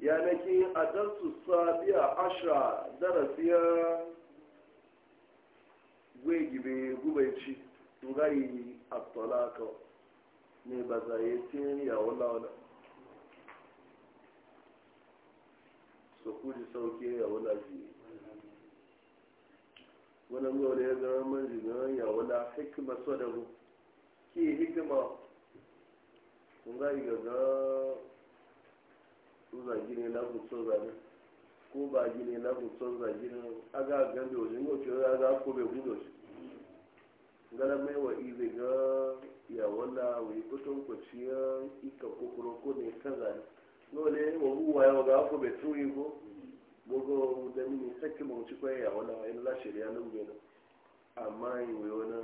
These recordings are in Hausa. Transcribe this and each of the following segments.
yanaki a darsu sabiya ashira darasiya gwegibe gubaici ngayi a talaka ne ba za yi tin yawon launa su kuji sauke yawon lafi wani yau ya zama manjinan yawon la hikima sadaru ki hikima nga igaga uza gini na gutso zane ko ba gini na gutso zagini aga gambe wajen ngo ce aga ko be gudo shi mai wa ize ga ya wala wi kuton ko ciya ika kokoro ko ne kaza ngole wa huwa ya ga ko be tuyi ko bogo da mini sakki mu ci ko ya wala in la shirya nan be amma yi wona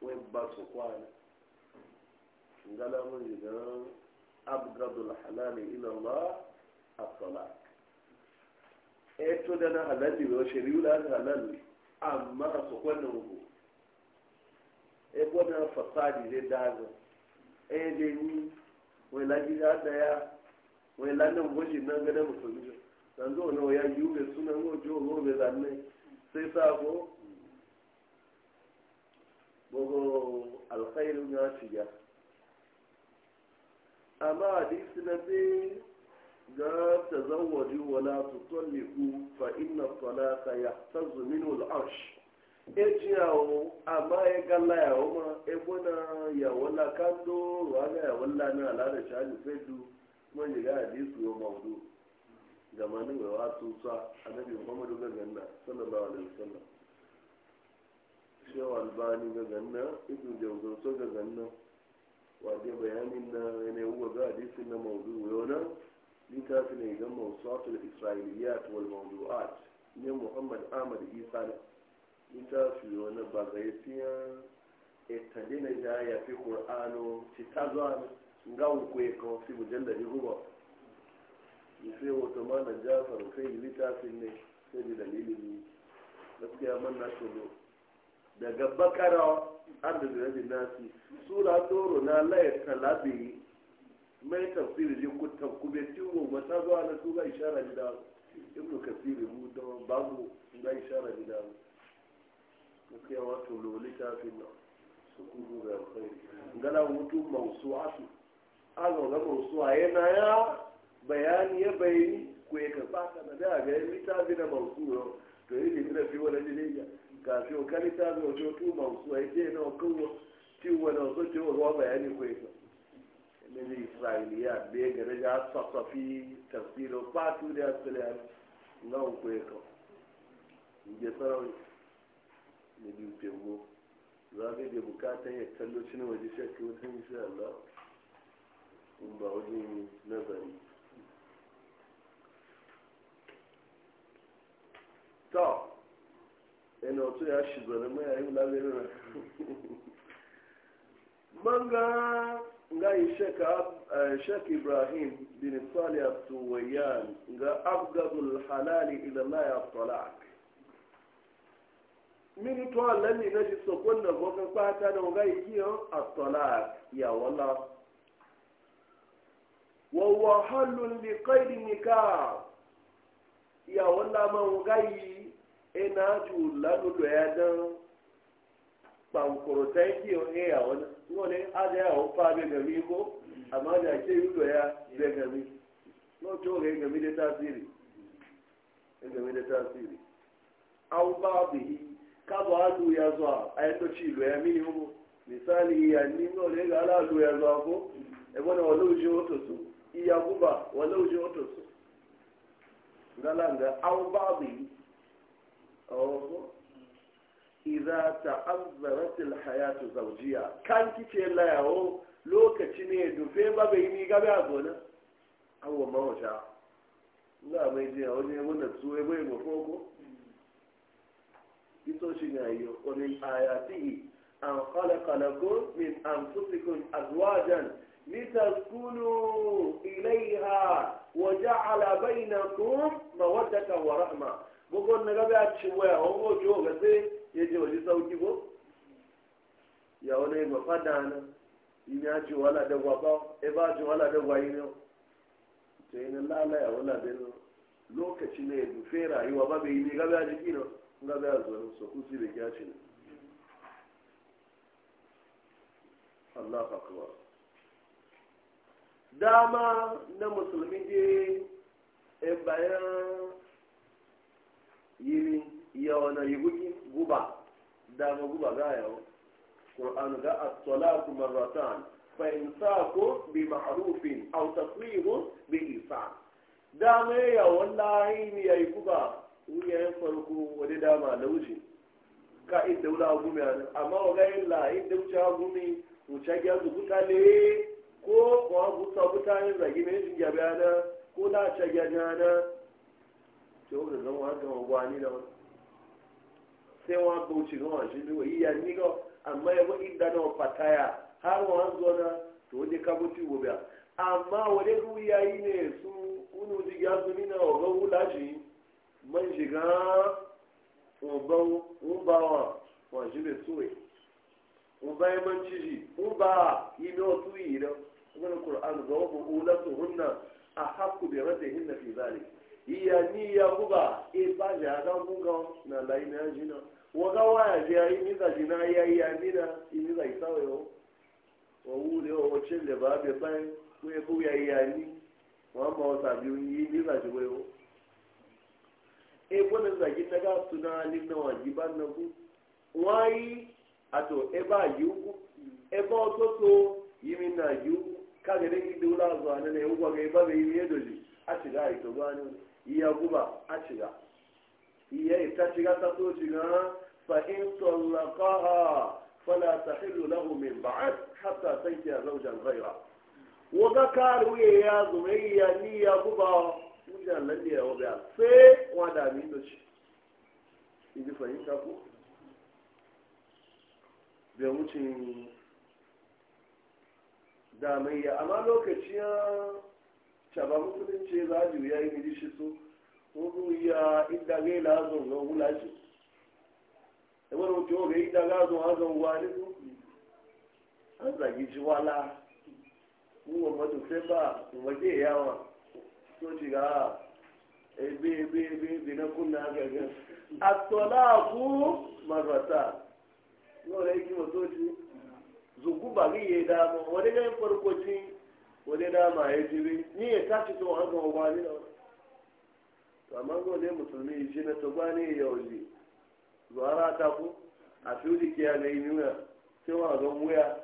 wai ba su kwana ngala mun idan abgadul halali ila Allah at-talaq eh to da na halali wa shari'u la halali amma su kwanan ku eh kwanan fasadi zai dago E dai ni wai laji da daya wai lannan gwaji nan ga da musulmi dan zo ne ya yi ube sunan gojo gobe zanne sai ko. bogo alkhairu ya shiga amma hadisi na sai ga tazawwaju wala tutalliqu fa inna talaqa yahtazu minhu al-arsh ejiyawo amma e ya galla yawo ma e ebona ya wala kando wala ya wala na alada shani fedu kuma ji ga hadisi yo mawdu zamanin wa wasu sa annabi muhammadu ga ganna sallallahu alaihi wasallam shewa albani ga ganna ibnu jawzan so ga ganna waje bayanin na yana yi ga hadisin na mawudu yana littafi ne ga mawusatul isra'iliyat wal mawudu'at ne muhammad ahmad isa ne littafi yana ba ga yi fiya etade na da ya fi qur'ano ci ta zuwa ga hukwe kan fi mujallali ruba sai wata mana jafar kai littafin ne sai da dalilin gaskiya man na daga bakara an nasi sura doro na layar talabi mai tafsiri je ku tankube ciwo mata zuwa na su ga ishara gida ibn kasiri mu da babu ga ishara gida gaskiya wato lolita fi na su kudu ga kai ngala mutu mausu'atu azo ga mausu'a yana ya bayani ya bayani ku ya karba ka da ga littafi na mausu'o to yi ne da fi wani ne kafin o kari ta zo to tu ma su ai je na wa ti wala so ti o roba ya ni kwai ne ni israiliya be ga da ja safafi tafsiro patu da aslan na o kwai ko sarawi ne bi pe mo za ga da bukatan ya kallo cin waje shakki wata insha Allah in ba wajen nazari to yana wato ya shi manga nga yi shek eh, ibrahim bin salih tuwayan ga abgadul halali ila ya talak mini to Allah ne na shi sokon da gogon kwata da ga yi talak ya wala wa huwa li qayd nikah ya wala ma ga yi Ena ju lanu lo ya dan pankoro tanki o he ya wona no le aja o fa be ga mi ko amma da ke yi lo ya be ga mi no to le ga mi da tasiri ga mi da tasiri au ba bihi ka ba du ya zo ai to ci lo ya mi ho misali ya ni no le ga la lo ya zo ko e bona o lo jo to so iya kuba wala o jo to so ngalanga au ba bihi a wasu iza ta'azzaratil hayatu zawjiya kan kice layawo lokaci ne dufe ba bai ni gabe a gona awwa mawata nga mai je a wajen wanda su ya bai gofo ko ito shi na yi wa min ayatihi an khalaqa lakum min anfusikum azwajan litaskunu ilayha wa ja'ala bainakum mawaddatan wa rahma gbogbo nnaga bɛ a ci wɛ o ŋo jo o ka se ye je o lisa o ji ko yawo ne ma fa daana yini a ci wala de wa ba e b'a ci wala de wa o to laala yawo la bɛ no lokaci ne du fera yi wa ba bɛ yini ka bɛ a jigi no nga bɛ a zɔn so kusi bɛ kɛ dama na musulmi de e yiri iya wani yuguki guba dama guba a yawo ƙoran ga at-talaqu marratan fa ko bi ma'arufin aw tasrihu bi Da dama ya wallahi ni yi guba wuya farko wani dama lauji ka in da wula gumi amma wa ga yin la in da wuce gumi wuce ga zu kutale ko ko kusa buta yin zagi mai shi gabe na ko na ce ga tí ó gbẹ̀gbẹ̀ wọn gan ọgbọ́ ani lọ ṣé wọn gbọ́ òṣì gan wọn ṣe bí wọ́n yíya nígbà àmọ́ ẹ̀wọ́ ìdáná pàtàyà ha wọn zọ náà tó dé kábọ́tì wò bíà àmọ́ àwọn ẹ̀rú yíya yìí ní èso wọn ò ti láti gan bá wọn wọn ṣe lè tó wọn bá máa ń wọn bá yìí wọn wọn kò iya ni ya kuba e ba ja ga munga na lai na jina waga waya je ai ni da jina ya ya ni na ni da isawe o o ule o chele ba be ba ku e ku ya ya ni wa ma sa bi ni ni da je o e ko na da kita ga tuna ni na wa ji ba na ku wai ato e ba yu ku e ba to to yimi na yu ka ga ni dula zo na u ga e ba be yimi edoji a ti ga ito ba ni iya guba a shiga iya ita shiga ta so shiga fa'in tallaqaha fala tahillu lahu min ba'd hatta tankiya zawjan ghayra wa zakaru ya zumayya ni ya guba mujan nan ne ya wada sai wada mi do shi idi fahimta ko bai wucin da mai amma lokacin shaba musulunci za ju ya yi gidi shi so ogun ya idage la azon ga wula shi ewere oke oge idage azon azon wa ni ko an zagi shi wala nwa mmadụ feba mgbe ya wa so ci ga ebe ebe ebe ebe na kunna agaga atọlaku marata n'ọrụ eki mọtọ ci ba gị ya damu wani ga yin farko ci wani dama ya jiri ni ya tashi to an gama gwani na to amma gole musulmi shi na to gwani ya wuce zuwa ta ku a fiye kiya na yi nuna cewa zan wuya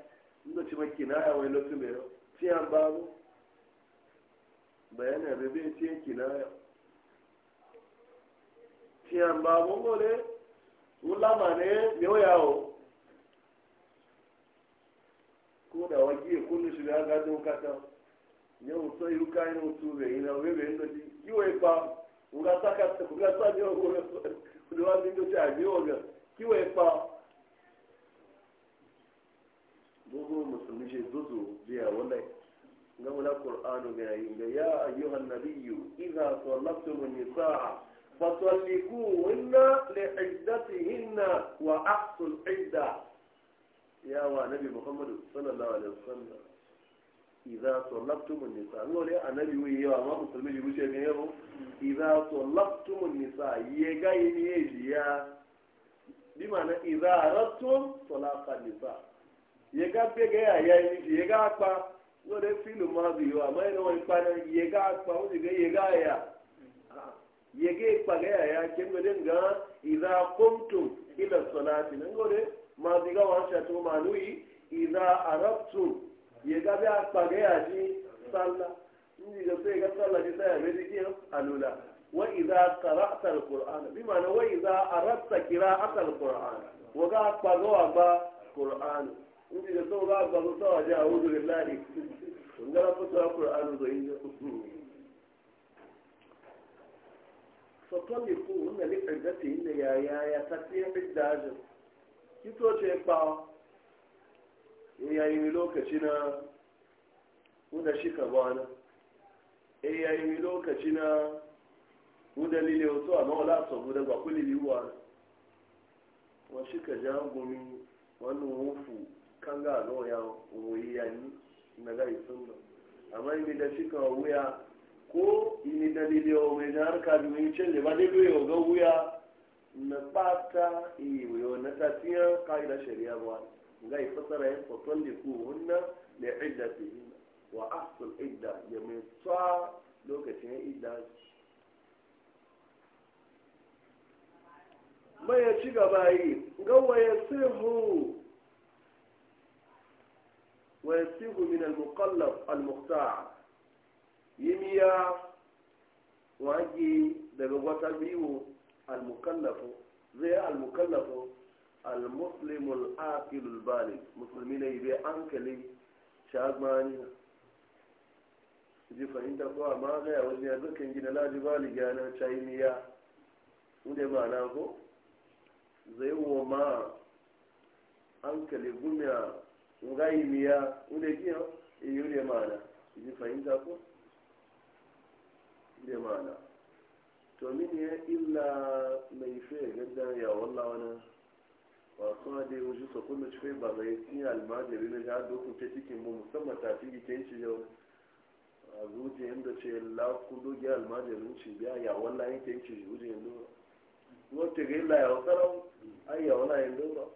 inda ci maki na ya wani lokacin mai ci an babu bayan da bai ci yanki na ya ci an babu gole wulama ne yau yawo ko da waje kullu shiga gadon kasa nye wòtɔ yi wòka yi wòtɔ wòbɛ yina wòbɛ bɛ ŋdɔtsi yi wòye pa wòkasa ka wòkasa mi wòwò lɛ wòle wa mi ŋdɔtsi abi wò gɛ yi wòye pa gbogbo musulmi se zozo bi a wòle nga wòle kur'anu gɛ yi nga ya ayuha nabiyu iza sɔlɔtumu nisaa fasɔlikuhunna le ɛdatihinna wa aksul ɛda ya wa nabi muhammadu sallallahu alaihi wa sallam. idza sallaktumun ngole anabi wi yawa ma musulmi ji wuce ga yabo idza sallaktumun nisa ye ga yini ye jiya bi mana idza aradtum talaqa nisa ye ga be ga ya ya ni ye ga pa ngole ma bi yawa ma ga pa wuce ga ye ga ya ye ga nga, ga ya ngole ila salati ngole ma bi wa manui ya ga bi a kpage ya ji sallah in ga sai ga sallah ji sai ya bai jiki alula wa idza qara'ta alqur'ana bi ma'ana wa idza aradta qira'ata alqur'ana wa ga kpage wa ba qur'ana in ga sai ga ba so wa ja a'udhu billahi in ga ba so qur'ana zo in فطلقوهن لعدتهن يا يا يا تسيح الداجر كي توجه يقطعوا in yayi lokaci na wanda shi ka bana na in yayi lokaci na wanda lile wato amma wala so guda ba kulli liwa wa shi ka ja gumi wannan wufu kan ga ga ya wuyi yani na ga sunna amma in da shi ka wuya ko ini dalili owe na harka biyu cin da ba dai biyu ga wuya na fata eh, wuyo na tafiya kaida shari'a ba ngai fasara yin faton da ku hunna da idda su yi wa ahsul idda ya mai tsa lokacin ya idda mai ya ci gaba yi gawa ya sihu wa ya sihu min al-muqallaf al-muqta yimiya wagi daga wata biyu al muqallafu zai al muqallafu المسلم العاقل البالغ مسلمين يبي أنكلي شاب مانينا ji fahimta ko ma gaya wajen ya dukkan gina laji bali gana chaimiya inda ba na ko zai wa ma an kale gumiya ngayi miya inda gina iyo da mana ji fahimta ko da mana to min ya illa mai fe gadda ya wallawa na wasuwa da yau shi sakon da cikin ba mai na ya dokun ta cikin mu musamman tafi gikin shi yau a zuciya yadda ce la dogi ya almajirin biya ya wala yake kin ci yadda ba ga illa ya wasarau ai ya wallah yin daura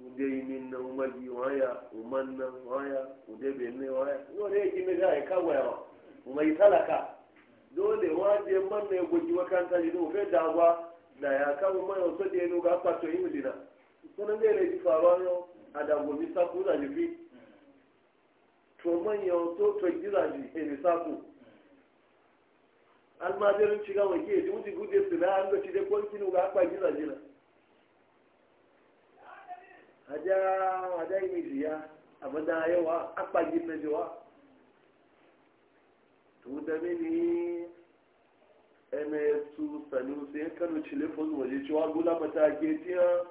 ude yi min na umagi waya uman na waya ude benne waya wani yake na ga ya kawo yawa talaka dole wajen ya gwaji makanta ne da dagwa na ya kawo mana wasu da ya nuga kwato yi mulina sunan zai rai faruwa yau a dagobi sapu da jifi to manya wasu to gida ji ebe sapu almajirin shiga wake ji wuce gude su na an gaci da kwanki nuga akwa gida jina haja haja yi ime jiya ya bada yawa akwa ji jiwa to da mini ms2 sanusi ya kano telefon waje cewa gula matake tiya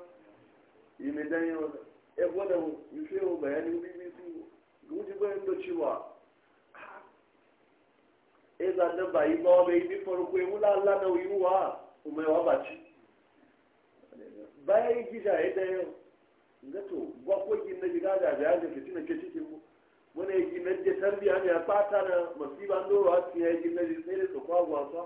yi mai dan yau ya gwada yushewa bayanin bbc guji bayan da cewa e eh, za ta bayi ba wa bai bi farko ya wula allah da yiwuwa kuma yawa ba ci bayan gida ya dan yau nga to gwakwagin na gida da biya da fitina ke cikin mu muna yi ginar da tarbiya da ya fata na masiba ndoro a cikin ya ginar da sai da su kwagwasa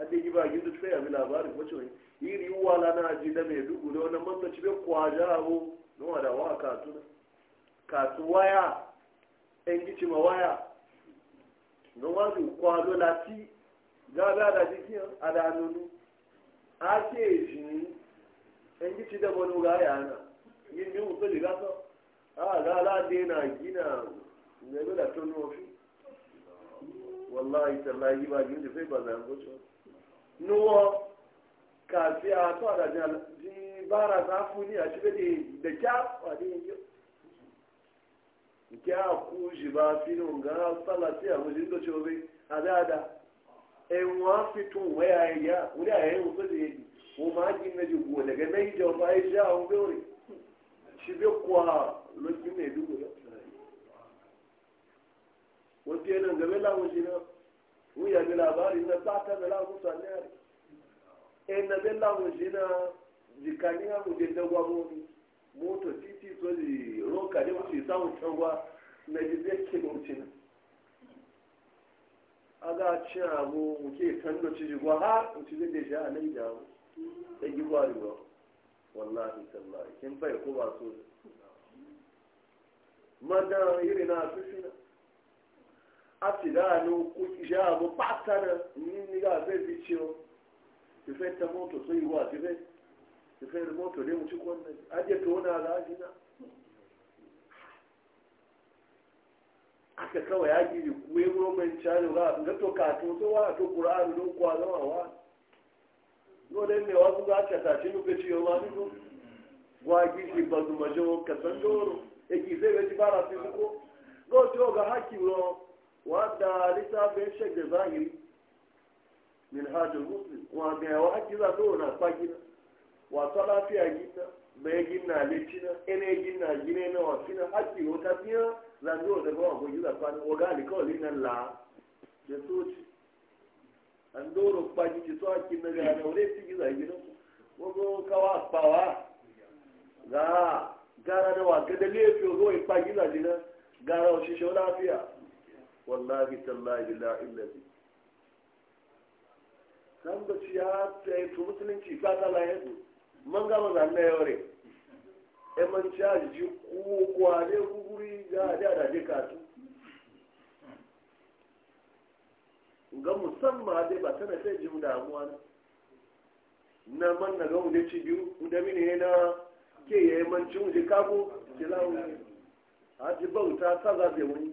ade gi ba gi da tsaye mi labarin wace wani iri wala na ji da mai dugu da wani manta ci bai kwaja abu na wada wa katu na katu waya en gici ma waya na wani kwazo lati gaba da jiki a da nunu a ke shi yan gici da wani ga ya na yin yi wuce liga gasa a ga alade na gina ne da wallahi tallahi ba da sai nuwa ka a to da ji bara za fu ni a ci da da kya a ne yi kya ku ji fi sala a mujin da chobe a da da e fi tun waya ya wuri e a yayin e so di, yi e wo ma ji na da fa ai be kwa ne wuya bi labari na fata na e, jikania mu de dagwa moto titi so di roka de mu sa changwa na aga chi mu ke tando chi ha mu chi na ida e jigwa riwa wallahi tallahi kin bai ko ba so na ati daanu jaabo patana nini ga fe vicio ife ta moto so iwa ife moto ne mutu kwanne aje tona ga ajina aka kawai ya gidi kuwe roman cani ga ga to ka to so wa to no ne ne wasu ga ta ta shi muke ciyo ma duk wa gidi bazu majo e wadda littafin shek da zahiri min hajjar muslim wa ga yawa haƙi za ta wani fagina wata lafiya gina bai gina lecina ene gine na wasina haƙi wata biya zanzu wa daga wakon gina fani wa ga na la da soci so fi gina gara da wa ga da wa gara shi wallahi tallahi la illazi kan da ci ya tsaye to musulunci ba ta la yanzu man gama zanna yaware e man caji ji ku kwale guguri ga da da de katu ga musamman dai ba tana sai jim damuwa na na man na ga wunde ci biyu wunde mini na ke yayi man ci wunde kago tilawu a ji bauta ta zabe wani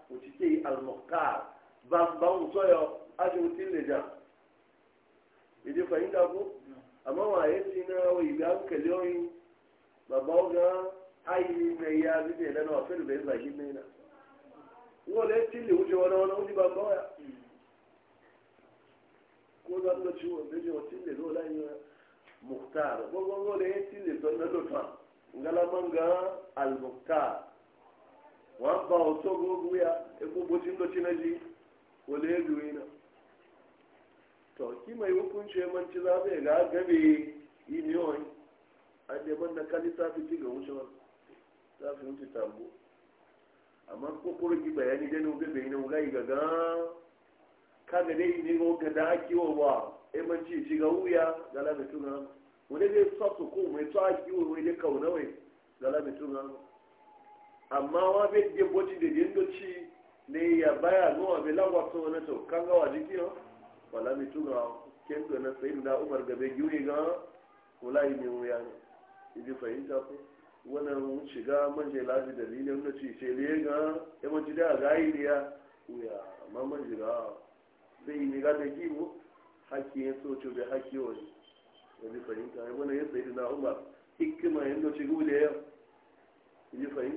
òtítẹ́ almọ̀káà bámbáwò sọ́yọ̀ ájò tí lè jà èdè fàyíńdà kú àmọ́ wọn àyè ti náà wọ ìgbà kẹlẹ ọyìn bàbá ọgá ayé ní ẹyẹ abídé lẹ́nu àfẹ́lù bẹ́ẹ̀ bàjí mẹ́rin wọn lè tí lè wújẹ wọn wọn ti bàbá ọyà kó lọ lọ sí wọn lójú wọn tí lè lọ láyé wọn mùkútà gbogbo wọn lè tí lè tọ́ lọ́dọ̀ fà ńgálámọ́ngá almùkútà. wamba otogo oguya ebubuti ndochi na ji wale eluina to kima yi hukunci ya manci ga gabe yi a daban da kali ta fi ga wuce wani amma kokoro bayani da na wuga yi gaga kaga ga da wa ba e manci ci ga wuya ga lamitun hannu wani zai sa amma wa bɛ de bɔti de den ci ne ya baya no wa bɛ lagwa to na to kan ga jiki kiyo wala mi tuga ken do na sai da umar gabe giwe ga wala yi mu ya ne idi fahimta ko wannan mun shiga manje laji dalilin da ci ce le ga e mun ji da ga yi ya Wuya amma manje ga zai ni ga da giwo e hakki ya so to be hakki wani idi fahimta ya wannan ya sai da umar hikima yadda ci gule yau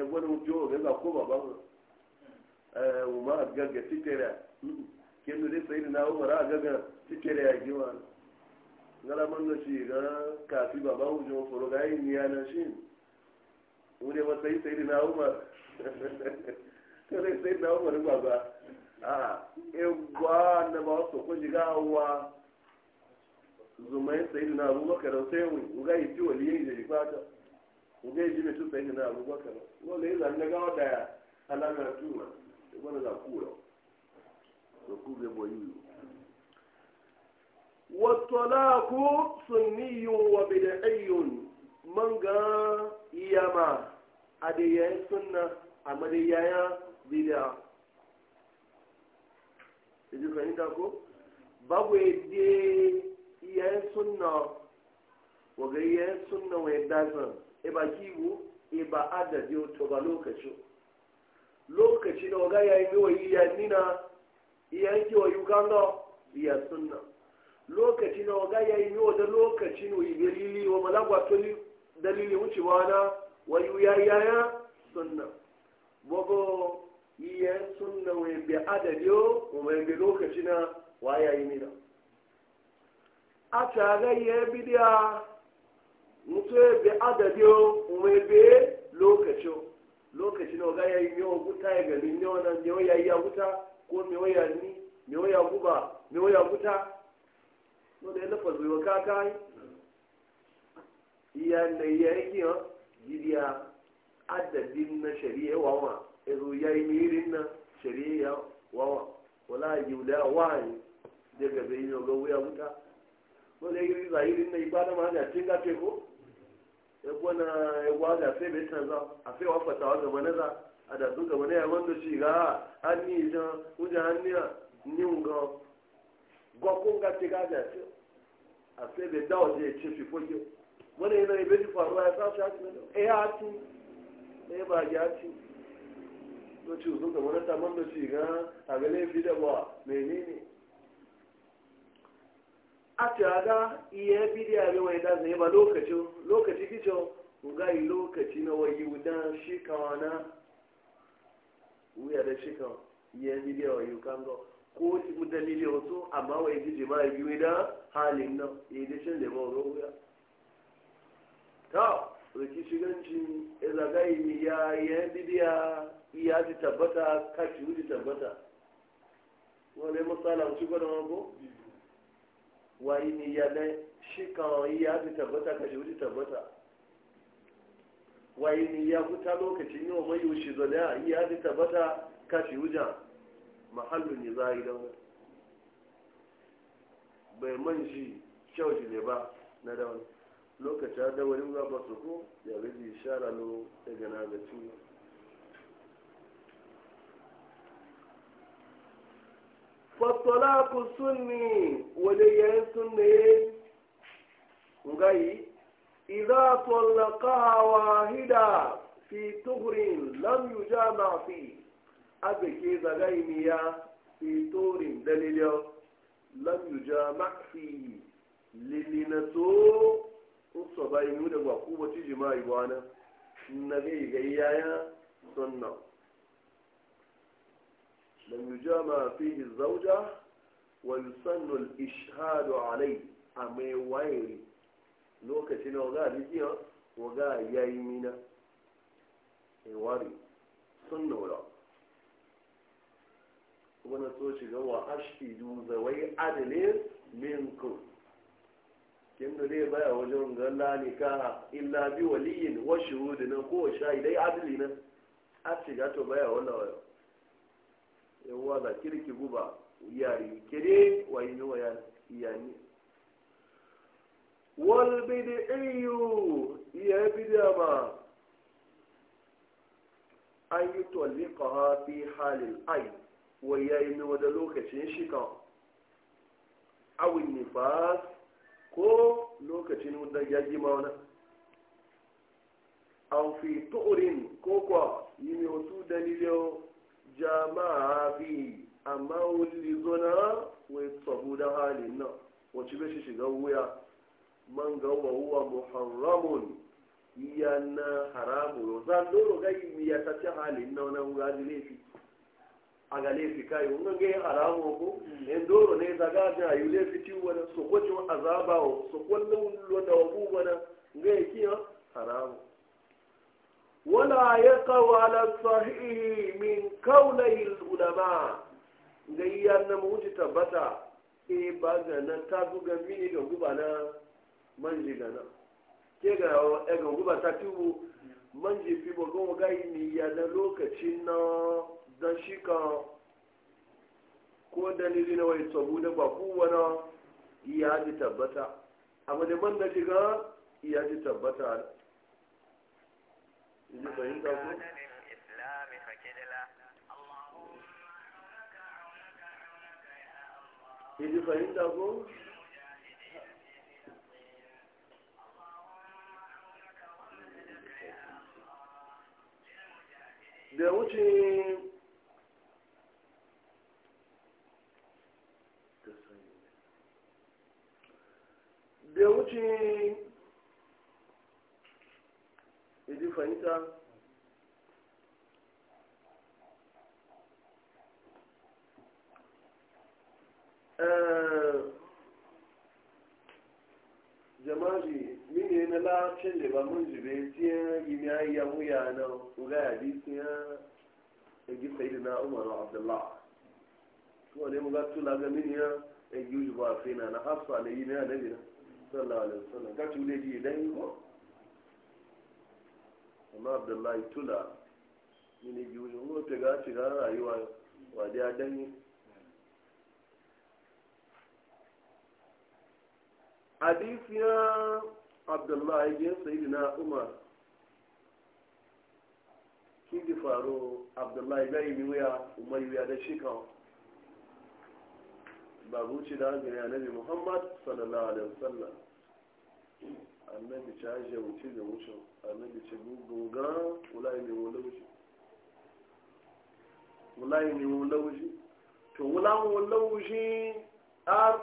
egwe ni baba uma na umar agaga titera ya giwa ngala man shi ga kafi baba mu jo ga ya na shi wuri ba sai sai na umar kare sai na umar baba a egwa na ba so ko jiga wa zumai sai na abubakar sai mu ga yi tiwali yayi nga e yi jibe tusa yi na abubakar wanda yi la zanne gawa da alamar tuma da wani za kura da kube boyi wattalaku sunniyun wa bid'iyyun man ga iyama a da yayin sunna a madayaya bid'a e ni fahimta ko? Babu yadda iyayen sunna, wa ga iyayen sunna wa da zan iba e kiwo iba e adadi to ba lokaci lokaci da waga yayin yi wa iya nina iya yanki wa uganda iya sunna lokaci da waga yayin yi wa da lokaci no iberili wa malagwa to dalili wucewa na wa yaya sunna bogo iya sunna wa bi adadi wa bi lokaci na wa yayin nina a tare ya bidiya mutu ebe adadi o nwe lokaci lokaci na ga ya yi yau guta ya gani ne ya yi guta ko me ya ni me ya ya guta no na lafa zuwa kaka iya ya yi yo adadi na shari'a wawa ezo ya yi mirin na shari'a wawa wala yula yi na iri ya gwana ya gwaga sai bai san za a sai wa fatawa gaba na za a da su gaba na ya wanda shi ga an ni jan wujen an ni ni ga gwakon ga ce gaja ce a sai bai dawo je ce fi fojo wani yana ibe ji faruwa ya sashi haki na ya ci, na ya ba ya ci. to ci uzun gaba na ta man da shi ga a ga laifi da ba menene a ataga iya bidiya ne wai da zai ba lokacin lokaci kicho ga yi lokaci na wayi wudan shi na wuya da shi kan iya bidiya wayi kango ko ti mu dalili wato amma wai jiji ma yi wuda halin nan eh da shin da mawo wuya ta riki shiganci e zagayi ni ya iya bidiya iya ji tabbata kashi wuri tabbata wani masala mu gwada ko wayi ni ya dai shi kan yi ya ji tabbata ka shi wuce tabbata wayi ni ya kuta lokacin yau mai yushi zalaya yi ya ji tabbata ka shi wuce wuja mahallun za a yi wani bai man shi kyau shi ne ba na da lokacin da wani ba su ko ya gaji shara lo daga na ga ciwo fasalaku sunni waliyan sunni ngai idza tallaqaha wahida fi tuhrin lam yujama fi abeke zagaimiya fi tuhrin dalilyo lam yujama fi lilinato usobainu da gwakuba ci jima'i na nabi gayyaya sunna lam yujama fihi zawja wa yusannu al-ishhadu alai amai waye lokaci na waga biki ya waga yayi mina e wari sunna wala wani so shiga wa ashidu zawai adalin minkum kin da dai baya wajen galla ne ka illa bi waliyin wa shuhudin ko shahidai adali na a shiga baya wannan yawa waza kirki guba yari kire wa yi wa yani wal bid'iyu ya bid'a ma an yi tolikaha fi halin ai wa ya yi da lokacin shika awin nifas ko lokacin da ya ji mauna an fi tu'urin ko kwa yi mai wasu dalilin jama'a bi amma wuli zona wai tsabu da halin nan wacce bai shiga wuya man ga wa muharramun yana haramu yau zan doro ga yi ya tace halin nan nan ga laifi a ga laifi kai wannan ga haramu ko mm. in doro ne ta ga ga yi laifi ti wani so ko azaba so ko lullo da wabu wani ga yi haramu ولا يقع على الصحيح من قولي العلماء gai na mawuce tabbata e ba ga na ta buga mini ga guba na manje ga na ke ga ga guba ta tubu manji fi ba goma gai ni ya na lokacin na dan shi ko da ni na wai sabu na ba ku wana ya ji tabbata amma da man da shiga ya ji tabbata Izi fahimta ko? Izi fahimta ko? Da wuce da wuce fahimta eh, jamaji mini na lafin da ba mun jibe tiyan gini ya yi wuya na uga ya bi tiyan egi na umaru abdullah kuma ne muga tula ga mini ya egi ujubu a fina na hafsa na yi na nabi na sallallahu alaihi wasallam tule yi ko amma abdullahi tula mini giwujo ngo ta ga ci rayuwa wa da dani hadith ya abdullahi bin sayyidina umar ki di faro abdullahi bai mi wuya umar wuya da shi kawo. babu shi da hanyar nabi muhammad sallallahu alaihi wasallam annabi ci ajiye wuce da wuce annabi ci goga wulayi ne wula wuce wulayi ne wula wuce to wula wula wuce ar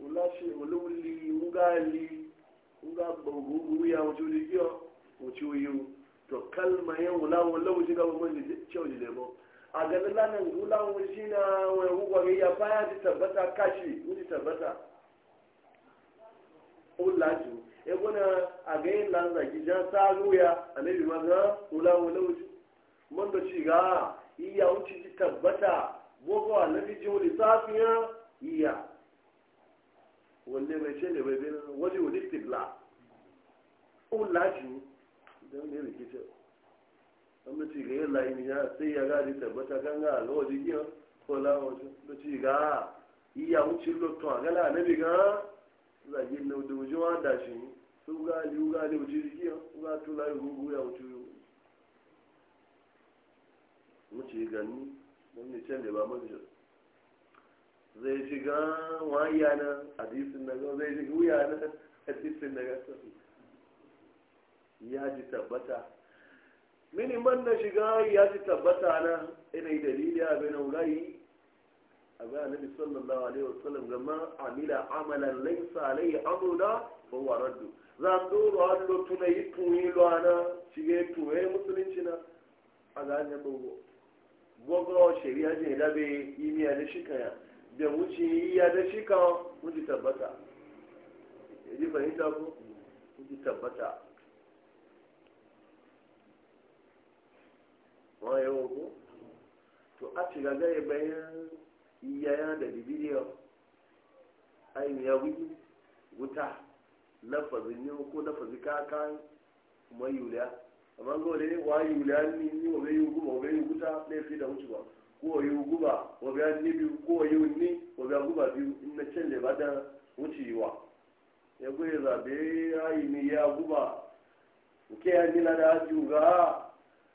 wula shi wula wuli wuga li wuga gbogbo ya wuce wuli kiyo wuce wuyi to kalma yin wula wula wuce ga wuma ce cewa ne lebo a ganin lanin wula wuce na wani wugwari ya baya ji tabbata kashi wuce tabbata Olajo e bona a ga yin lanza ki jan salu ya annabi maza ula wala wuce mun da shi ga iya wuce ki tabbata boko annabi ji wani safiya iya wanne mai ce ne bai bin wani holistic la ula shi don ne rikice amma ci ga yin layi ya sai ya gadi tabbata kan ga alwaji giya ko lawa wuce da ci ga iya wuce lotto a gala annabi ga zage na da wuce wa da shi su ga ji ga ne wuce jiki ga tula yi gugu ya wuce wuce gani don ne can da ba mafi zai shiga waya na hadisin na zai shiga wuya na hadisin na gasa ya ji tabbata mini man na shiga ya ji tabbata na ina dalili abin gayi a ga sallallahu alaihi wasallam ga man amila amalan laysa alaihi amruna fa huwa raddu za to ro allo tuna yitu lo ana shige to e musulunci na aga ga ne bugo bugo shari'a je da be yimi da shika ya da wuce iya da shika wuce tabbata yaji fahimta ko wuce tabbata wa yau ko to a shiga ga bayan iyaya da bibiliya ayin ya wuyi wuta lafazin ne ko lafazi kakan mai yuliya amma ga wani wa yuliya ni ni wa bai yuguba wa bai yuguta laifi da wuce ba ko wa yuguba wa bai ni biyu ko wa yuni wa bai guba biyu in na can leba da wucewa ya goye zabe ayi ni ya guba ke ya nila da ajiyu ga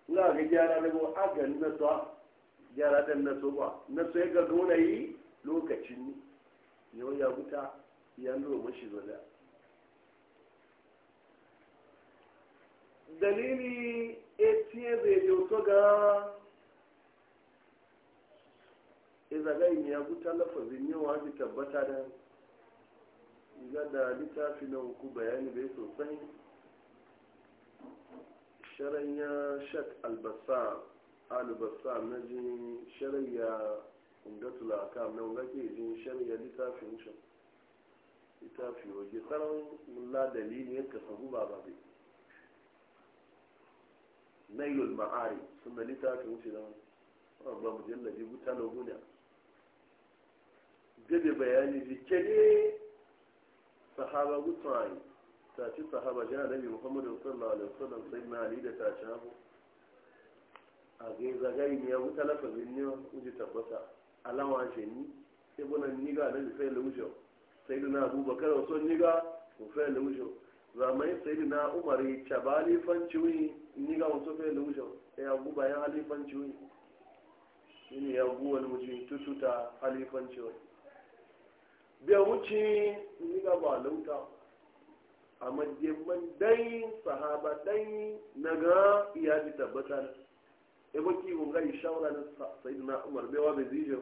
ga ga gyara da ko agan na sa yara ɗan na so ba na so ya gado na yi lokacin yau ya wuta ya nuna mashi zola dalili tiye zai yi oto ga izagayin ya wuta lafazin yawa bi tabbata da ga da littafi na hukun bayani bai sosai sharan ya shak albasa albasa na jin shari'a umdatul ka na ungake jin shari'a littafin shi littafi waje tsaron mula dalilin yanka sahu ba ba bai yul ma'ari suna littafin shi na ba mujallabi wuta na guna gabe bayani jike ne sahaba gutsuwa ta ci sahaba jana nabi muhammadu sallallahu alaihi wasallam sai na ali da ta ci a ga zagari ne ya wuta lafazin ne wuce tabbata alawa ce ni sai bunan niga da bi fai laujo sai duna abubakar wasu niga ko fai laujo zamai sai duna umar ya caba halifan ciwi niga wasu fai Sai ya gu bayan halifan ciwi shi ne ya gu wani mutum tututa halifan ciwi biya wuce niga ba lauta amma dai man dai sahaba dai na ga iya ji tabbatar e baki mun ga shawara na sayyidina umar bai wa bai zijo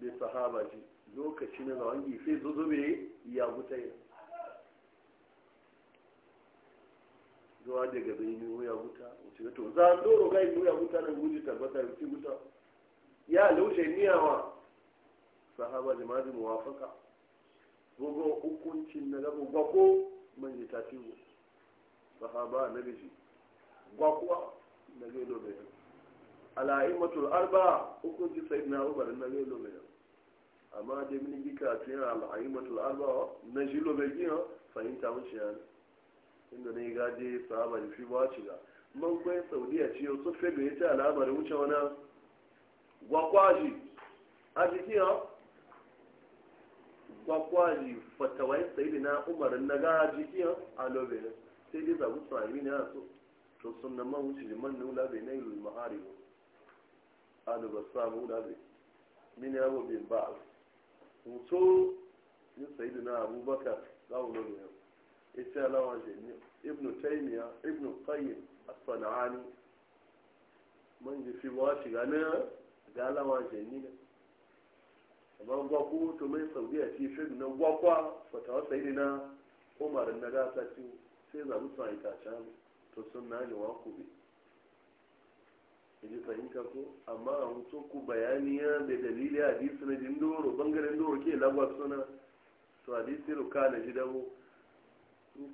bai sahaba ji lokaci na zawan gife zo zo bai ya gutai ya, zuwa daga bai yi ya guta wuce to za a doro ga yi ya guta nan guji tabbata ya ci guta ya laushe niyawa sahaba jama'a muwafaka gogo hukuncin na gaba gwako man yi tafi sahaba na gaji gwakuwa na gaido da yanzu ala'immatul arba hukunci sai na ubar na zai lobe amma da mini gika tun yana ala'immatul arba na shi lobe gina fahimta wuce yana inda ne gaje sahaba da fi ba ci ga man kwaye saudiya ce yau su febe gaya ce al'amari wuce wani gwakwaji a jiki ya gwakwaji fatawai sai na umar na ga jiki ya a lobe sai dai zabu sami ne a so to sun na man wuce liman nula bai na yi lulmahari ba alùbọ̀sàmù nàbì mini awo bin ba'al muso ni sayidina abubakar láwọn olóògbé ya etí aláwọn ṣe ní ibnu taymiya ibnu qayyim as-sanani man ji fi wọ́n ṣìgá náà ga aláwọn ṣe ní náà amma gwakwa to mai a ce shirin na gwakwa fatawa sai ne na umar na gasa ci, sai zaɓi su a itace to sun na ne wa kube ji fahimta ko amma a mutum ku bayaniya da dalilin hadisi na jindoro bangaren doro ke lagwa suna to hadisi ka na ji dawo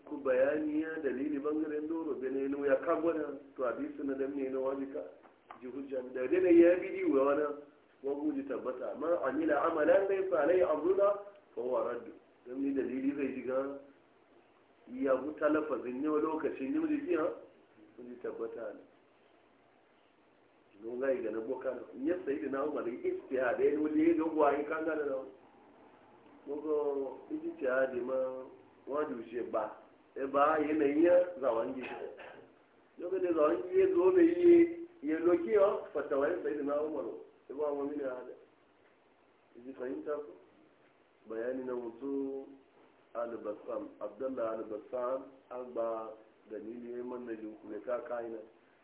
ku bayaniya dalili bangaren doro bene ne ya na to hadisi na danne na wani ka ji hujja da dane ya bi di wa wani wagu ji tabbata amma amila amalan zai fa alai amruna fa huwa raddu dan ni dalili zai ga ya mutalafa zin yau lokacin ne mu ji tabbata ne don ga ga na boka na ya sai da na umar ya istiha da ya wuli ya gwa yi kan gana na mugo istiha da ma wadu she ba e ba yanayin ya zawangi lokacin da zawangi ya zo bai yi ya loki ya fatawayin sai da na umar ya ba wa mini hada ji fahimta ku bayani na mutu alibassam abdallah alibassam an ba dalilin man na jinku ne ka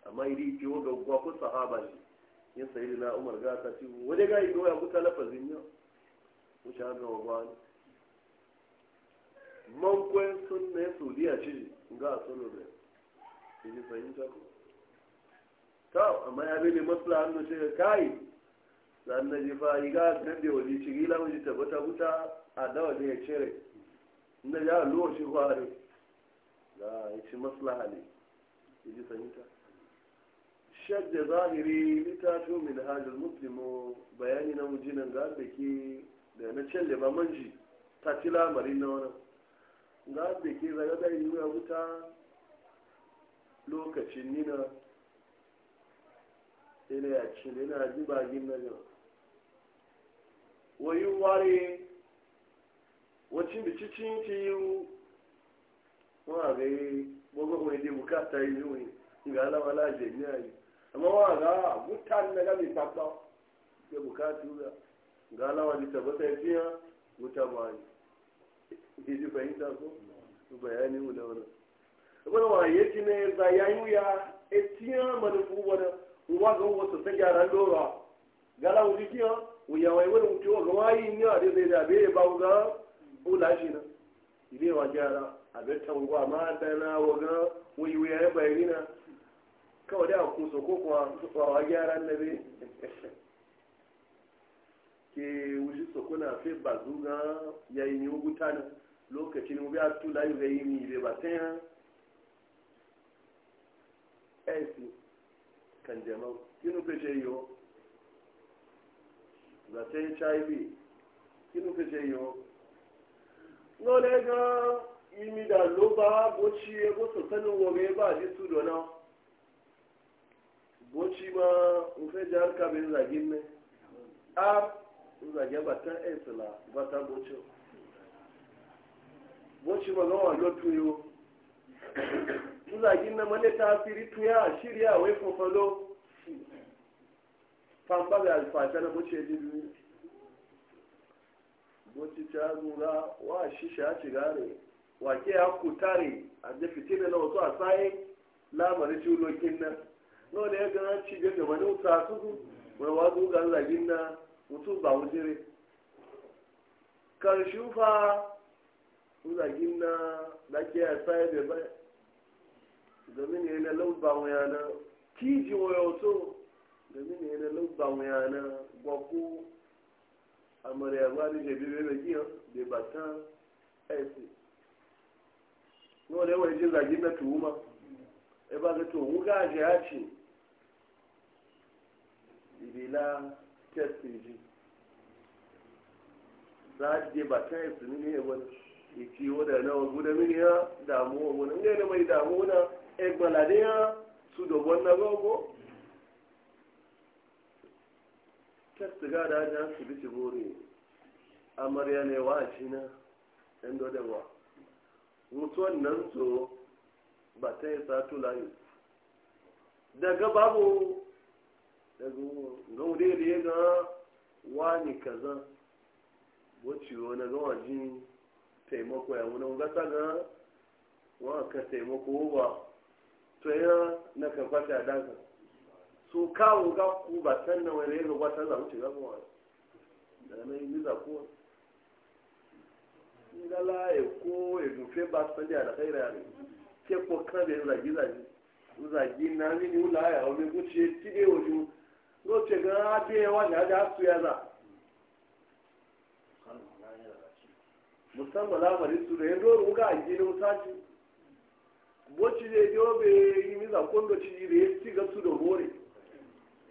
amma iri ke waga gwa sahaba ne yin sayi na umar gata ci wani ga yi goya kuka lafazin yau wuce haka wa gwani ne man kwen sun na ya saudiya ci ga solo da yi sayi ta ku ta amma ya bebe masla hannu ce kai zan na ji fa yi ga gande waje ci gila waje tabbata wuta a dawa da ya cire inda ya shi kwari. ga ya ci maslaha ne ya ji ku shek da zahiri littafi min hajjar muslimu bayani na mujinan ga da ke na can da manji ta ci lamarin na wani ga da ke zaga da yi ya wuta lokacin nina ya ci ina ji bagin na jama wayu ware wacin bici cin ci yi wa ga yi gwagwagwai da bukata yi yi ga alama laje ne a yi amma wa ga wutan na gami fata ke bukatu ga gana wani tabbata ya fiya wuta ba ne ji fahimta ko bayanin mu da wani wani wa ya ci ne za ya yi ya manufu wani wa ga wasu ta gyara lora gana wani kiya wuya wai wani mutuwa ga ne a dai zai da bai ba ga ula shi na gyara a bai tangwa ma dana wa ga wuyi wuya ya bayani na kawai da kusa ko kuma tsawa gyaran na be ke wuce su kuna fe ba zuga yayi ni wuta ne lokacin mu ga tu layu ga yi ni be ba sai ha esi kan jama'u kinu fe ce yo za ta yi hiv kinu fe ce yo no le imi da lo ba ci e bo so tanu wo be ba di su do boci ma nfe jihar kabin zagin ne a zage batan esila batan boci boci ma gawa lo tuyo zagin na male ta firi tuya shirya wai fofalo famba ga alfata na boci ya ji duniya boci ta zura wa shisha ci gare wa ke hakutare a da fitina na wasu a sayin lamarin cilokin nan n'ole ya ga ci ga gaba ne wuta tuku mai wazo na mutum ba wujire karshen na da da ba domin kiji wayoto domin ya na lamba wuyana gwakko amarya ba da jabi bai bai giyan ya wajen zagin na ebe e ba ga to ahịa ibila testin ji za a je ba ta yi ne wani iki wada na wagu da mini ya damuwa wani ne na mai damuwa na egbalade ya su da wannan bu test ga da ajiyar su bici bori amarya ne wa shi na ɗan dodawa mutuwan nan so ba ta yi daga babu gan dai da ga wani kaza wacce wani ga wajen taimako ya wani gasa ga wani ka taimako ba to ya na kan kwata da ka so kawo ga ku ba san na wani ga wata za mu ci ga kuma da na yi za ku ngala e ko e dufe ba san da da kai rare ke ko kan da zagi zagi zagi na ni ni ula ya o me ku ci ti de o ju ce ga biye wanda ya su e ya za musamman lamarin su da ya doro wuka a gini musaci bocci ne yau bai yi miza kondo ci da ya ci ga su da hore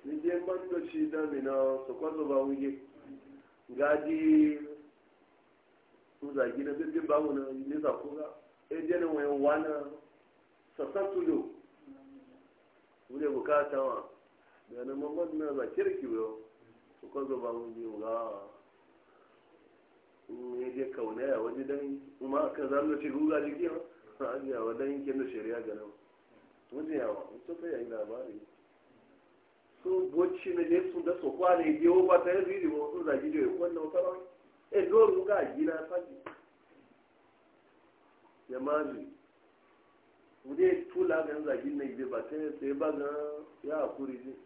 ni je do ci da mina su kwazo ba wuge gaji su za gina bibin ba wuna ni za kuga e je ne wani wana sassan tulo wule bukata wa bene mamad na za kirki yo su kwa ba mun biyu ga ne je kaune ya waje dan kuma ka mu ci guga jiki ha ajiya wa dan kin da shari'a ga nan mun yawa wa ta fa yayi labari su bocci ne ne su da so kwale biyo ba ta yi riri ba su zagi da yakon na wata rawai e eh, dole a gina faji ya maji wude tula ga zagi ne ba ta yi sai ba ga ya hakuri ne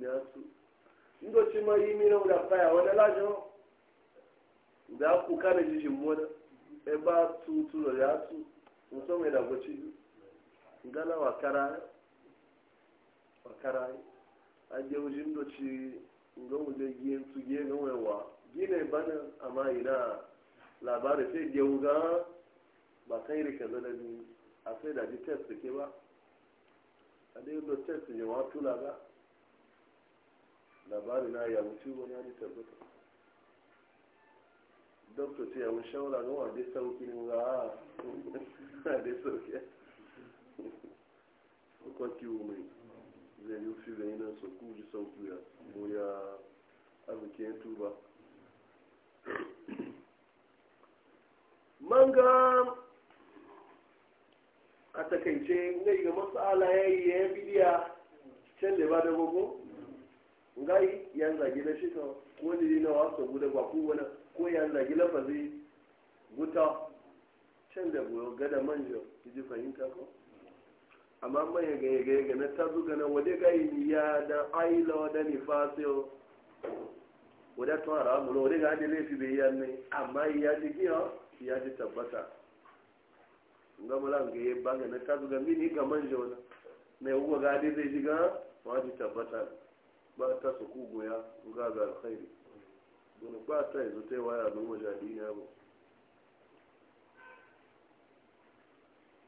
nasu ndoci ma yi mina da faya wani lajo da ku kana jishin mona e tu tu da ya tu muso mai da goci ngala wa kara wa kara a je wujin doci ngo mu je gien tu gien ngo wa gine bana amma ina labari sai je wuga ba kai rike zana bi a sai test ke ba a ndo test ne wa tula ba labari na ya mutu wani da tabbata doktor ce yawon shawara ga wa dai sauki ne ga a dai sauki kiwo mai zai yi fi zai nan su kuji sauki ya mu ya tuba manga a takaice ne ga matsala ya yi ya bidiya can da ba da gogo ngai yan zagi na shi ko ni wa wasu guda ba ku wani ko yan zagi fazi guta can da goyo gada manjo ji fahimta ko amma manya gaya gaya ga na tazu ga nan wade gai ya da aila wada ni fasiyo wade to ara mu wade ga da lefi bai yan ne amma ya ji kiyo ya ji tabbata nga mala ga ye banga na tazu ga mini ga manjo na ne uwa ga da zai ji ga wa ji tabbata ba ta su kugoya ga ga alkhairi wani ba ta yi ta waya don waje adini abu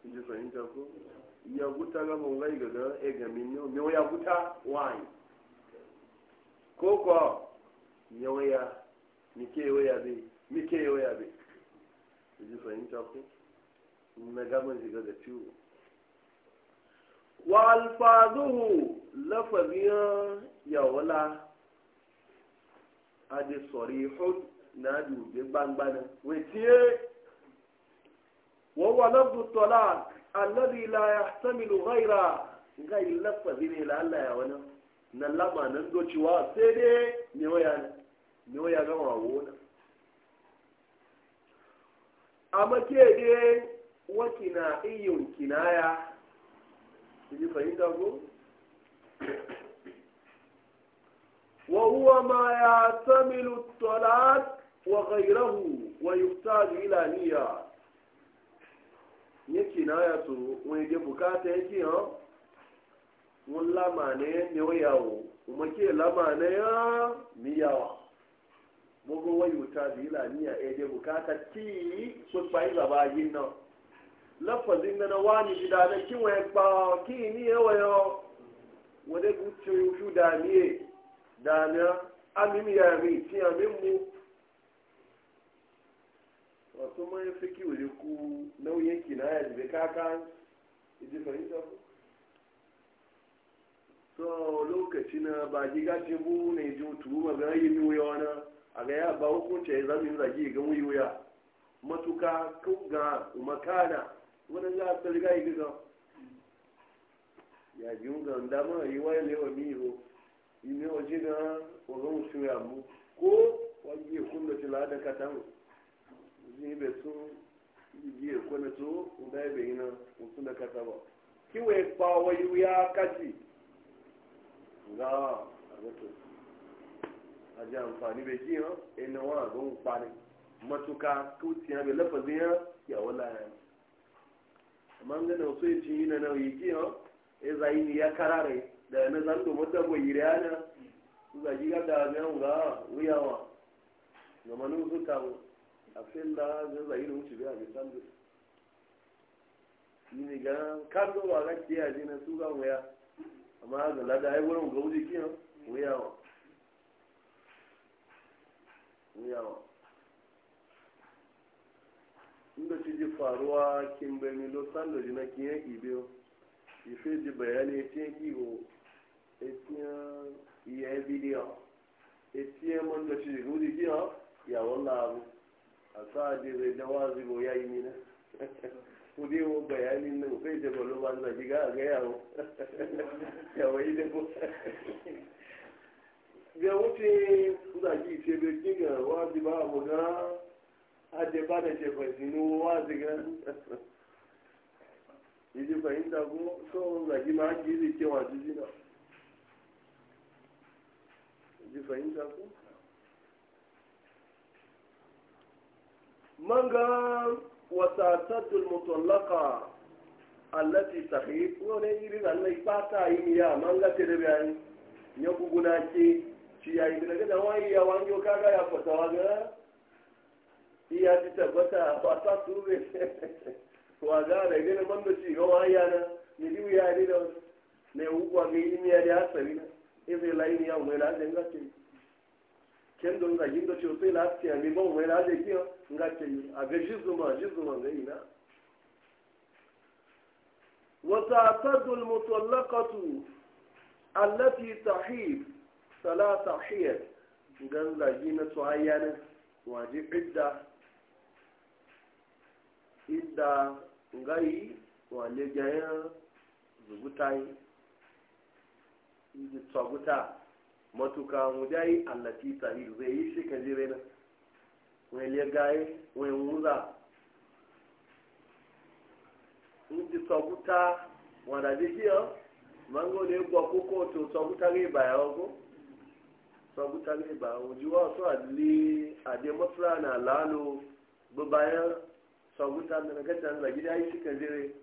ji fahimta ko ya guta ga mun gai ga e eh, ga min ne me ya guta wani ko ko ya waya ni ke waya be mi ke waya be ji fahimta ko na ga mun shiga da ciwo wa alfazuhu lafaziyan ìyàwó la adé sọ̀rọ̀ na náà di òbí gbangba náà wètíé wọ́n wà lọ́dún tọ́lá alábi la sẹ́mìlú ghayra nga yi lafazi ne la Allah ya wani na lama nan docewa sai dai ne waya ne waya gama wona amma ke dai wakina iyun kinaya ji fahimta ko وهو ما يعتمل الطلاق وغيره ويحتاج إلى نية yake na ya so wani ke bukata yake ha Mun lama ne ne wa yawo kuma ke lama ne ya mi Mugun wayo ta ni a ede bukata ti so pa ila yi na lafazin na na wani gida na kiwon ya ki ni ya shu da dana amim yami ti amim wasu mai fiki wuri ku nauyin kinaya da kaka iji fahimta ku so lokaci na ba giga ce ne ji magana yi mi wuya wani a ga ya ba hukunci ya yìí yin zagi ga wuyi wuya matuka kuga makana wani za a tsarga yi gizo ya ji wuga dama yi lé lewa mi ìwé ọjí náà ọlọ́run ṣe rà mú kó wọ́n yí èkó da sí láàdán kata mọ̀ ní ibẹ̀ tún yí èkó lọ tó ń dá ibẹ̀ yìí náà kiwa tún lọ yi bọ̀ kí wọ́n a zato yìí wíyá kájì ńlá àgọ́tò àti àǹfààní bẹ̀ jí matuka kó tiẹ̀ bẹ̀ lẹ́fọ̀dé hàn da láyà àmọ́ ń gẹ́nà ọ̀ṣọ́ ètí yìí nana òye jí hàn ẹ̀ zàyìn da na zan domin da bai yiri ana su zagi ga da biyan ga wuyawa ga manu su kawo a fin da zai zagi da wuce biya bisan da yi ne ga kan zo ba ji na su ga wuya amma ga lada ai wurin ga wuce kiyan wuyawa wuyawa inda ci ji faruwa kimbe milo san da jina kiyan ibe ife ji bayani ya ki kiwo etiyan iye ebili ọ etiyan mọ ndọ ti rìkú di kíọ ìyàwó ńlá abu àtọ àdìrẹ ìdáwọ ya yìí nínú mo dé wo gbẹ̀yà nínú òfé ìdẹ̀bọ̀ ló máa ń lọ jíga àgẹ́yàwó ìyàwó yìí dẹ́kọ̀. bí wọ́n ku? ńdàjì ìṣèlú jíga wọ́n á ti bá àbò náà á jẹ bá dẹ̀jẹ̀ pẹ̀sì ní wọ́n á ti gan. ìdí fẹ̀yìntàkùn sọ̀rọ̀ ńdàjì máa ń jí ìrìkẹ́ wọn àti jí náà. ji fahimta ku manga wasasatul mutallaka allati tahib wani irin allai fata yi ya manga tere bayani ya guguna ke ci ya yi daga da wani ya wanyo kaga ya fata waga iya ji tabbata ba ta tube wa ga da gani man da ci ga wani yana ne ji ya ne da ne hukwa ga ilimi ya da hasari na إذا لين يا ولا زين غاتي كم دون غا يندو شو تي لاتي أنا ما هو ولا زين كيو غاتي أبي جزما جزما زينا وتعتد المطلقة التي تحيد فلا تحيد غن لا جينا تعيان واجب عدة إذا غاي وليجايا زبطاي inji tsaguta matuka mujayi allati tahir zai yi shi ka kaji rena wani le gaye wai muza inji tsaguta wanda jikiya eh? mango da ya gwa koko to tsaguta ne ba yawa ko tsaguta ne ba wujiwa su adli ade matura na lalo bu bayan tsaguta da na gata na yi shi kaji re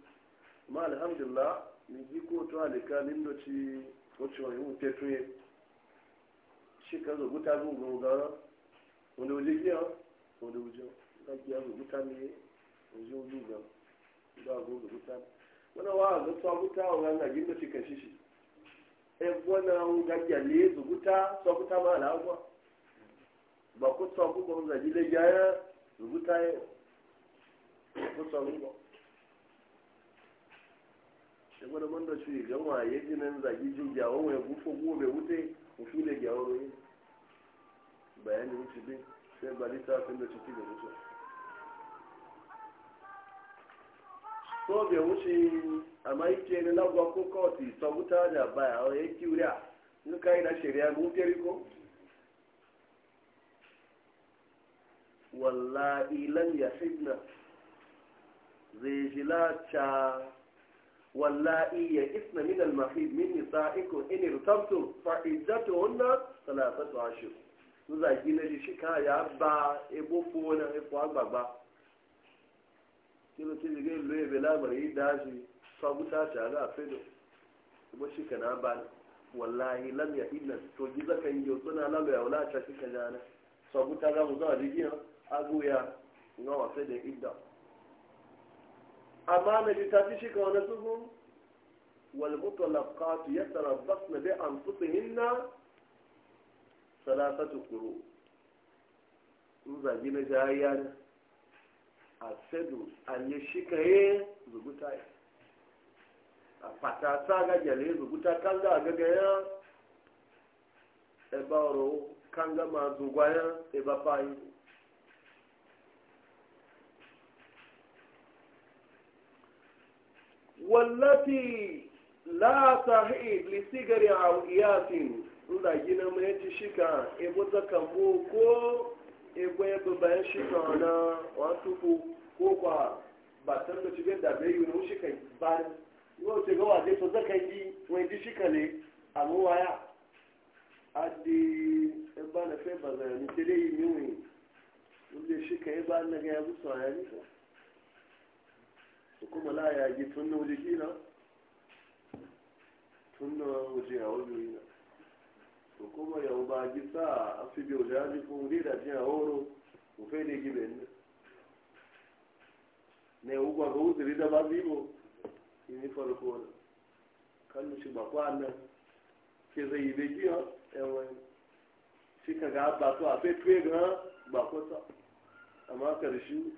ma alhamdulillah ni ji ko to alikalin da ci wacce wani mu fetu ye shi ka zo guta zo ga ga wani wuje kiya wani wuje ka kiya zo guta ne wuje wuje ga ba go ga guta wani wa ga so guta wa ga gina shi kan shi e bona u ga kiya le zo guta so guta ma la wa ba ko so guta ga ji le ya zo guta ye ko so guta shi wani banda shi gama ya ji nan zagi jin gyawon ya gufa gobe wute mu fi da gyawon ne bayanin wuce bin sai ba littafin da ciki da wuce so bai wuce a maike na lagwa ko kawai ta wuta da baya a yanki wuri a in ka yi na shirya mu ko wallahi lan ya yahidna zai jila ta واللائي يئسن من المحيض من نسائكم إن ارتبتم فعدتهن ثلاثة أشهر nzagi na shi shika ya ba ebo fo na efo agbagba kilo ti dige lo ebe labari daji faguta ta ga fedo ebo shika na ba wallahi lam ya inna to ji zaka yi yo suna lamu ya wala ta shika jana ga mu a amma na ji ta fi shi kawo na suku walmutalakatu ya tarabbas na bai an fusu hinna salasatu kuro in zabi na jayayya a sedu an yi shi yi zubuta ya a fatata ga gyale zubuta kan ga gagaya ebe ọrụ kan ga ma zugwaya ebe fayi wallati la tahid li sigari aw iyatin nda gina mai ci shika ebo zakambo ko ebo ebo bayan shika na wato ko ko kwa batan da cikin da bai yi mu shika ba yau ce ga waje to zakan yi wani ji shika ne a mu waya adi eba na fe bazani tele yi mi wi nde shika eba na ga ya bu so ya ni su kuma la ya gi tun na wuce kina tun na wuce a wajen yana su kuma yau ba gi sa a fi biyu da ji kun rida ji a horo mu fai da gibe ne ne ugwa ga wuce rida ba bibo in yi farko da kan shi ba kwanan ke zai yi bai giya yan shi ka ga ba to a fai tuwe ga ba kwata amma karshe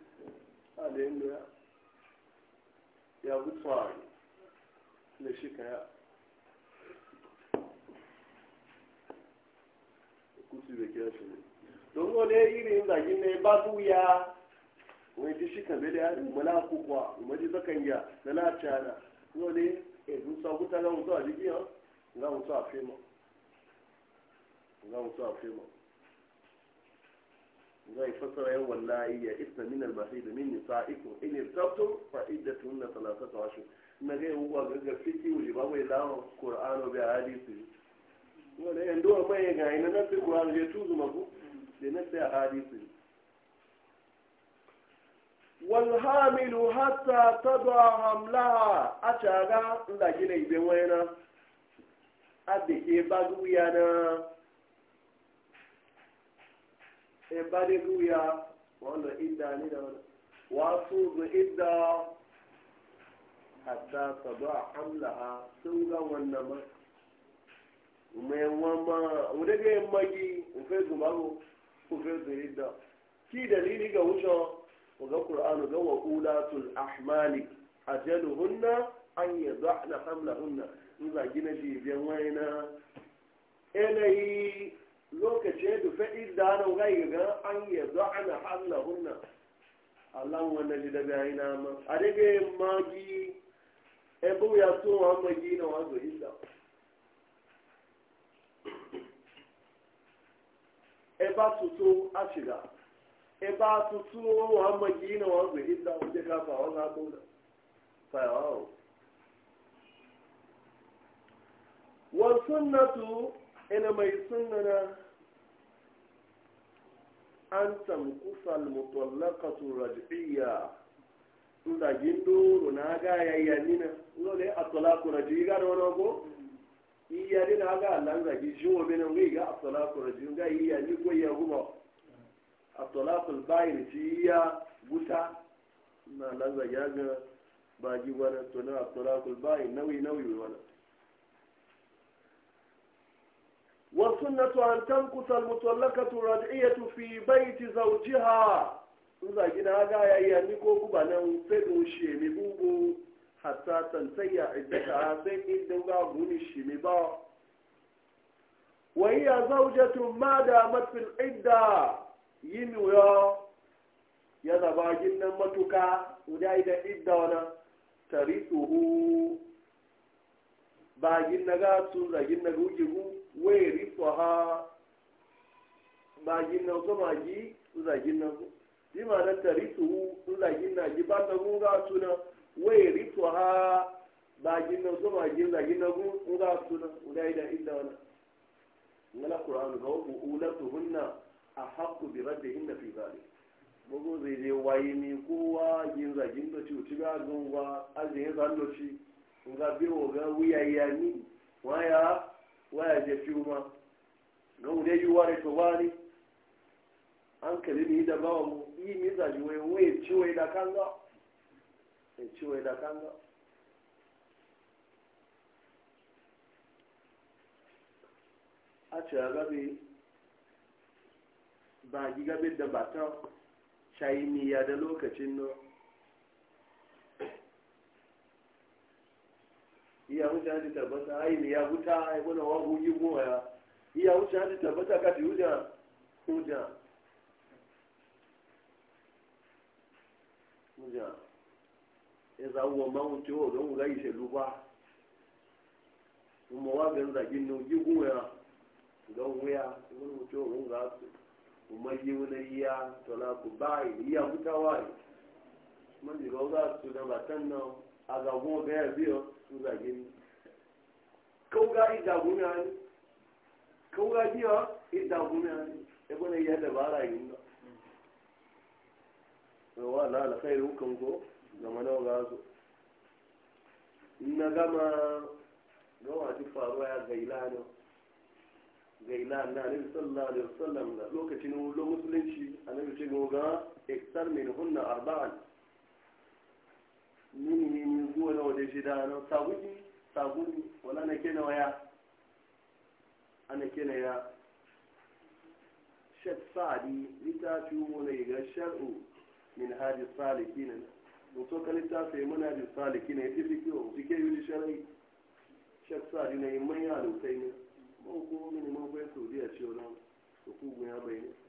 a da yin da ya ya gutsuwa na shi kaya kutu da kira shi ne don iri irin zagin ne e, ba su ya wani ti shi kabe da yarin mala kukuwa ji zakan ya na na cana wani ezu sa guta na mutu a jikin ya na mutu a fema na mutu a fema zai fasara yan wallahi ya isna min al-mahid min nisa'ikum in irtabtum fa iddatun thalathatu ashhur na ga uwa ga fiki wuri ba mai lawo qur'ano bi hadisi wala yan do mai ga ina da fi qur'ano ya tuzu maku da na sai hadisi wal hamilu hatta tad'a hamlaha achaga inda gine ibe wayna adike bagu yana e bade guya wanda idda ni da wani wasu zu idda hatta saba hamlaha sun ga wannan ma mai wama wuda ga yin magi ufe zubago ufe zu idda ki dalili ga wucin وذا القرآن جو أولاة الأحمال أجلهن أن يضعن حملهن إذا جينا جيبين وينا إلي lokacin da faɗi da na gai ga an yi za'ana hallahunna Allah wanda ji da bayi na ma a daga magi ebe ya so wa magi na wazo inda ebe tutu a shiga ebe tutu wa magi na wazo inda wanda ka fa wa zato da fayawa wa sunnatu ina mai sunna an tamkusa almutallaqatu raj'iyya inda gindoro na ga yayyani na lole at-talaqu raj'i ga da go ko iyali na ga Allah zagi jiwo bene ngai ga at-talaqu raj'i ga iyali go ya gubo at-talaqu al-bayn ci ya guta na Allah zagi ga ba ji wani to na at-talaqu al-bayn nawi nawi wani والسنة أن تمكث المطلقة الرجعية في بيت زوجها إذا جينا هذا يعني كوكو بنام فدو شيمي بوبو حتى تنتهي عدتها سيد دوغا غوني شيمي با وهي زوجة ما دامت في العدة ينو يا يا زبا جنة متوكا وداي دا عدة ونا تريثه باجين نغا سوزا جنن غوجي wai rifo ha magin nan so ji, zagin nan so bi ma na taritu zagin na ji ba ta gunga suna wai rifo ha magin nan so magi zagin nan gunga suna guda ida inda wani ngala qur'an ga wa ulatuhunna ahaqqu bi raddihinna fi zalik bugu zai je waye mi kowa yin zagin da ci ga gunga azin zan do ci Nga biwo ga wuyayya ni waya waya je fiuma ga wude yi ware to wani an kali ni da bawa mu yi mi zaji wai wai ciwai da kanga wai ciwai da kanga a ce a gabe ba gi gabe da batan shayi ya da lokacin nan iya wuce hadi tabbata ai ne ya wuta ai wani wahu yi goya iya wuce hadi tabbata ka ti huja huja wuja ya za uwa ma wuce wa don ga ishe luba kuma wa ga zagin nan yi goya ga wuya wani wuce wa ga su kuma yi wani iya na ku bai iya wuta wai man ji ga wuga su da batan nan a ga ya biyo nga gini kawga idaguna ni kawga biya idaguna ni ebo ne ya dabara yi ba wa la la khairu ko ga mana ga na gama ga wa ti faruwa ya gaila ilano ga na nabi sallallahu alaihi wasallam da lokacin lo musulunci annabi ce ga iktar min hunna arba'an mini ne ni zuwa na wadda shi da na saguji saguji wala na kena waya ana kena ya shek sa'adi littafi wani ga shar'u min hadi saliki na mutu ka littafi mun hadi saliki na ya fi fi kiwo su ke yi shar'i shek sa'adi na yi manya alukai ne ma hukumomi ne ma bai saudiya ce wani su kugun ya bayyana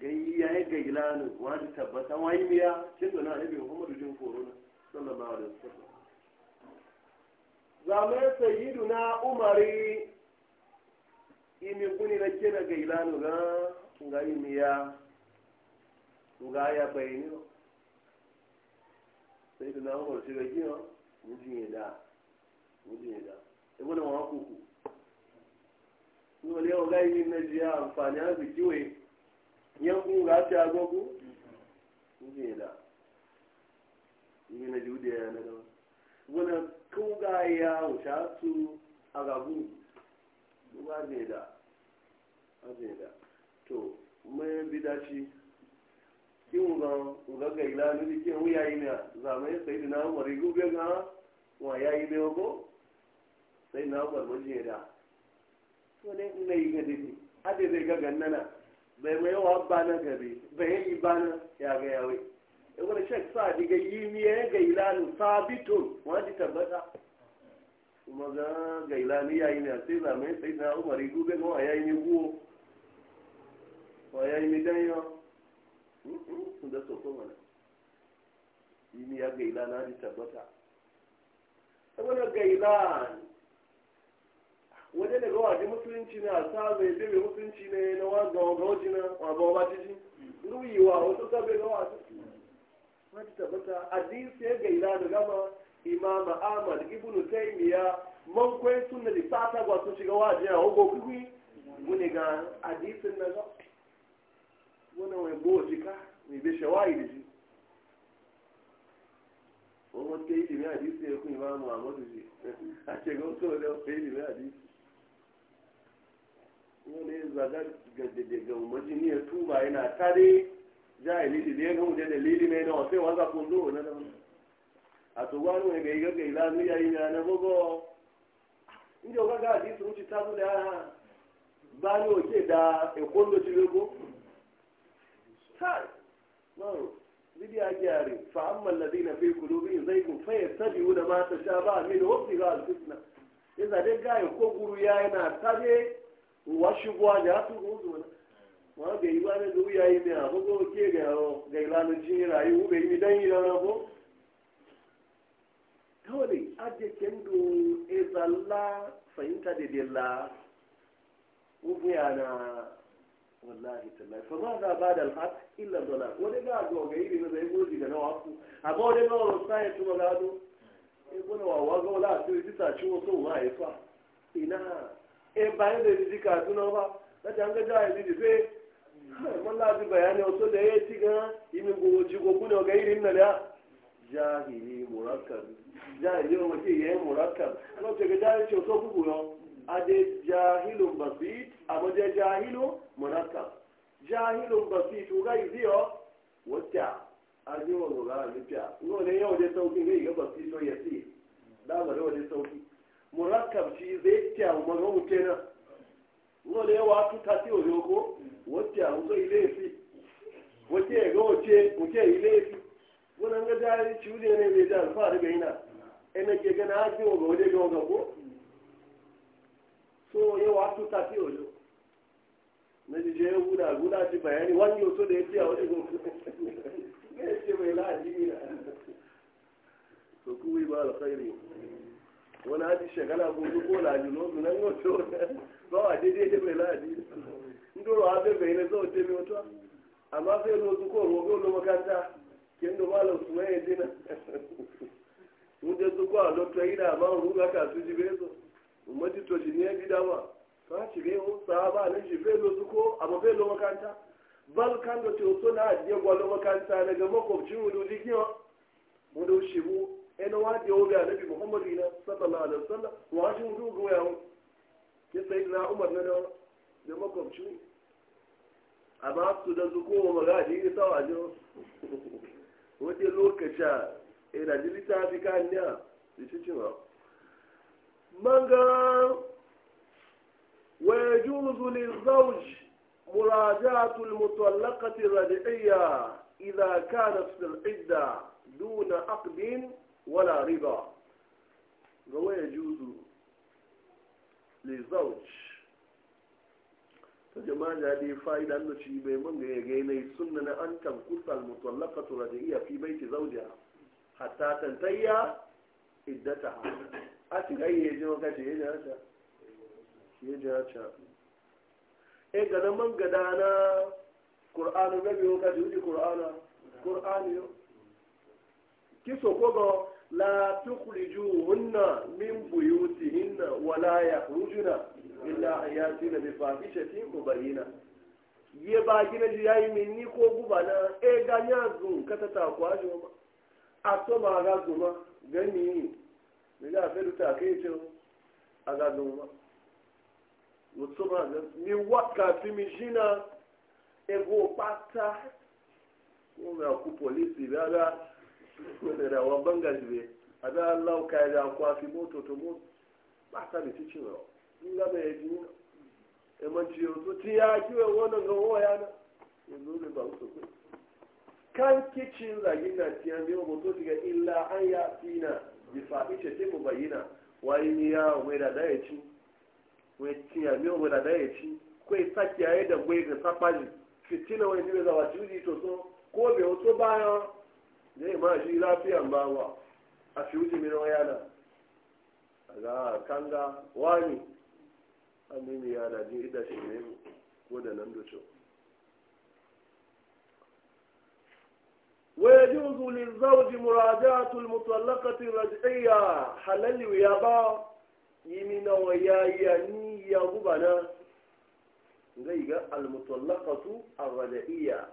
gayi ya ga gaila ne wani tabbata wani miya cin da na ibi muhammadu jin korona sallallahu alaihi wasallam zamai sayyiduna umari imi kuni na kina gaila ne ga ga miya ga ya bayani sayyiduna umar shi ga kina mujin ya da mujin ya da ibn wa kuku ni wale ga yi na jiya amfani arziki wai yanku ga agogo kuke da ni na jude ya na da wani kuga ya wuce su a gabu da a to mai shi ga ga ga ila yi ne zamai na umar gube ga wa yayi ne sai na umar mun da to ne ga dai ade zai ga bai mai yawa bana gabe bai yi bana ya ga yawe ya wani shek sa diga yi miye ga ilanu sabitun wani tabbata kuma ga ga ilanu yayi ne sai zamai sai na umari gube ga waya yi guwo waya yi dan yo sun da so kuma na yi miya ga ilanu ya tabbata wani ga ilanu wajen daga ji musulunci na sa mai bebe musulunci ne na wa gawaji na wa ba ruyiwa ciki nuyi wa wasu sabai ga wasu wata tabbata ya gaira da gama imam ahmad ibnu taymiya man kwai sunna da sata gwa sun shiga wajen a ogo kuwi mune ga na ga wani wai bo jika mai be shawari da shi wani zagar daga umarni ya tuba yana tare jahili da ya gamu da dalili mai na sai wanda kun na nan a to wani mai gai ila yayi na na inda ga ga su ci tabu da ba ni o ke da e ci lego maro bidi a gyare fa fi ma ga ya yana washigwa ya su gozo na ma ga yi wani zuwa ya yi mai ke ga ilanin jini rayu bai yi dan yi dan abu kawai aje kendo ezalla fahimta da ubu ya na wallahi tallahi fa ma za ba da alhaq illa wani ga ga ga na zai gozi nawa ku wani ga wani sai tuma gado e gona wa wa ga wala su ta wa ya fa ina e bayan da yi kaduna ba na can ga jawa yi fe mun lafi bayani wato da ya ci gan imin gogoci ko kuna ga irin na da jahili murakkab jahili wa mace yayin ana ce ga jahili ce wato kuku ade jahilu yi ziyo wata arziwa ga rufiya ne yau da sauki ne ga basit ya ce da ba da wajen murakkab shi zai tiya maga wuce na yawa tuta ta ojo ko wacce a wuzo ile fi wace ya ga wace wace ile fi wani ga jari ci wuje ne bai da alfahari bai na ina ke gana haƙi wa ga waje ga ko so yawa tuta ti ojo na jije ya guda guda ji bayani wani yoso da ya tiya waje ga wani haji shekara gobe ko laji nozu nan wato ba wa daidai da mai laji ndoro ha bai bai na zo te mai wato amma sai nozu ko rogo lo makanta kin do malam su mai dina mun da su ko a lokta ida ma ruga ka su ji bezo ummati to shi ne bi dama fa shi be o sahaba ne shi be lo su ko amma be lo makanta bal kan do to so na je gwalo makanta daga makwabcin wudu dikiyo wudu shibu ene waati o da anabi muhammadu ina sallallahu alaihi wasallam waati mu dugu ya hu ke umar na da da makwabci amma su da zuko wa magadi ne ta wajo wace lokacin ina ji littafi kan ya da shi cewa manga wa yajuzu lizawj مراجعة المطلقة الرجعية إذا كانت في العدة دون عقد wala riba ga waya juzu lizauj ta jama'a jadi fa'ida da shi bai man ga yaga yanayi sunna na an tankusa mutallaka turajiyya fi baiti zaujiya hatta tantayya iddata a ci ga iya jin ya ji ya e ga man gada na ko لا تخرجوهن من بيوتهن ولا يخرجن إلا أن بفاحشة مبينة ye ba gina ji yayi min ni ko guba na e ga nya zun kata ta kwa jo ma a to ma ga zuma gani ni ga fedu ta kai ce a ga zuma mutsu ma ga ni e go pata ko ga ku polisi ba ga da wa banga jibe a da Allah ka ya kwa fi moto to mo ba ta bi ti ciwo in ga be ji e man ci yo to ti ya ki we wona ga wo ya na yanzu ne ba so kan kicin zagin na ti tiyan biyo moto diga illa an ya fina bi fa'ice te mu bayyana wani ya wai da da ya ci wai ci ya biyo wai da da ya ci kwai sakiya ya da gwai ga safaji fitina wani jibe zawa ci to so ko bai wato bayan zai ma shi lafiyan bawa a fi wuce min wayana a ga kanga wani an nemi yana jin ida shi ne ko da nan da cewa ويجوز للزوج مراجعة المطلقة الرجعية حلال ويابا يمين ويا يعني يا غبنا المطلقة الرجعية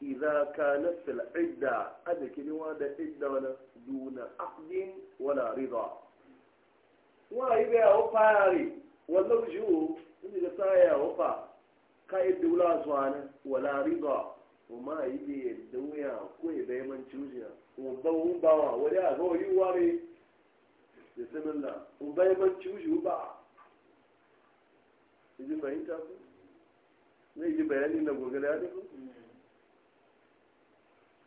idza kanat fil idda adakini wa da idda wala duna aqdin wala rida wa ibe o fari wallahu ju inda da saya o fa kai dula zuwana wala rida kuma ibe dunya ko ibe man chuja ko bawun bawa wala go yi wari da sanalla ko bai man chuju ba idan fahimta ku zai ji bayani na gogala da ku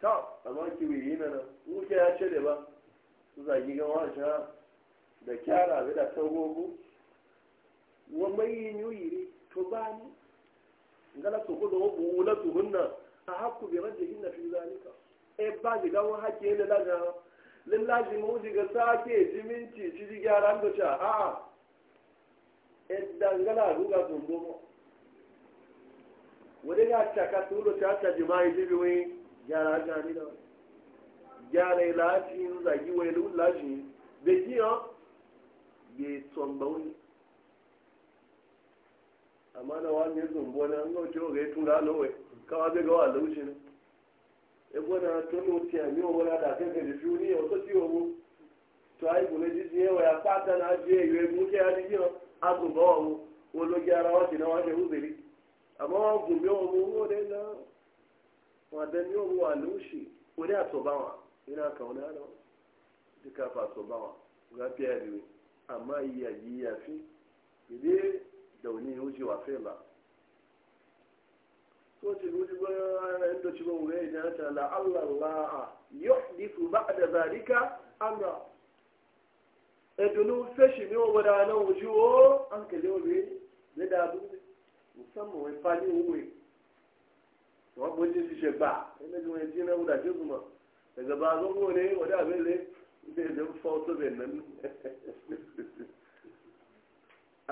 ta amma ki bai yi nan in ya ce ba su zagi ga wata da kyara da da tagogo wa mai yuyiri to ba ni ngala su ko da wabu la tuhunna a hakku bi rajjihinna fi zalika e ba ji ga wa hakke ne la ga lillahi mu ji ga sake jiminci ji ji gyara da cha a a e dangala ruga zumbo Wani ga ta ka tulo ta ta jima'i jibi wai gyara gani da gyara lafin zagi wai lafin da kiyo bai tsomba wani amma na wani ya na an gauce wa gai tura lowai kawa zai gawa laushi ne ya gwada a miwa wani da kan gaji fiye ne na ajiye eyo wai muke ya jiji na a zumba wa na wace wadda ni yau wa lushi wani a sobawa yana kauna da duka fa sobawa ga fiya biyu amma iya yi ya fi bide da wani wuce wa fela ko ce wuce ba inda ci ba wuri da ta la Allah la yuhdithu ba'da zalika amra edunu feshi mi da na wuce o an kale wo ne da du musamman wai fani wuwe wọn bó ti ṣiṣẹ gbà ẹlẹgbẹ wọn ti náà wúdà jókòó mọ ẹgbẹba agogo ni wọdà abẹlé ilé ìdè fọ sóbẹ nánú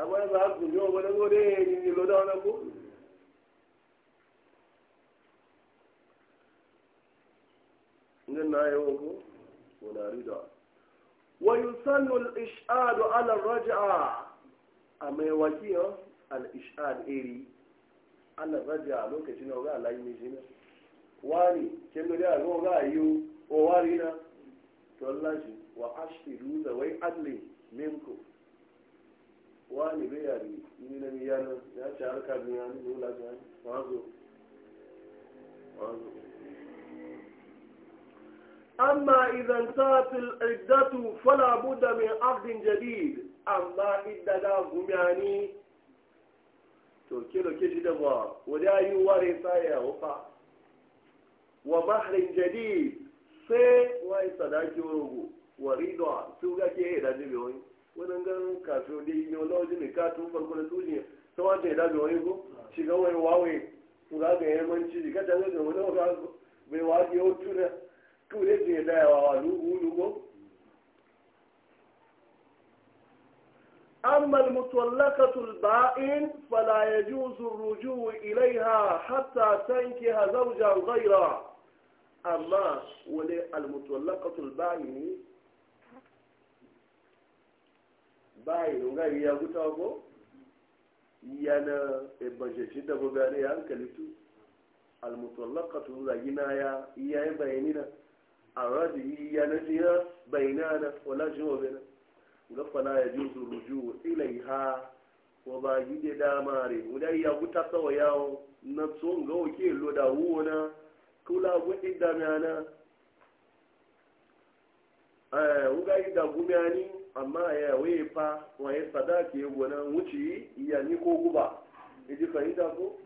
àwọn ẹgbẹ agùn ní ọgbọn ẹgbẹ ọdẹ ẹyìn lọdọ ọdọ kó. ngẹ náà yẹ wọn kó wọn náà rí dọ. ويسن الإشهاد على الرجعة أما يوكيه الإشهاد إيري ana raja lokacin na ga Allah yi jina wani kin da ga ga yu o wari na to Allah shi wa ashhidu ruza wai adli minku wani bai yari ni na miya na, ya ci harka mi yana ni la ga wazo wazo amma idan tatil idatu fala budda min aqdin jadid amma idda da gumyani to kilo kishi da ba wadda yi ware tsaya wufa wa bahrin jadi sai wai sadaki rogo wa rido su ga ke yi da jibi wani wani gan kafin da yi yau lawaji mai katon farko da tuni ta wata yi da wani ko shiga wani wawe ga ga yamanci jika ta zai wani yau tuna da yawa wa أما المطلقة البائن فلا يجوز الرجوع إليها حتى تنكها زوجا غيرها أما ولي المتولقة البائن باين ونغير يغوتاوغو يانا إباجيشي دابو غاني أنكاليتو المتولقة لا ينايا إياه بينينا أراد إيانا جيرا بينانا ولا جوابنا kula fala ya ji su ruju ha ko ba yi dama damare wudai ya guta sawa yawo na tsohon ga wake loda wuwana kula gudi damana wuga eh, yi da gumiyani amma ya waye fa waye sadaki ya gona wuce iya ni ko guba idi fahimta ko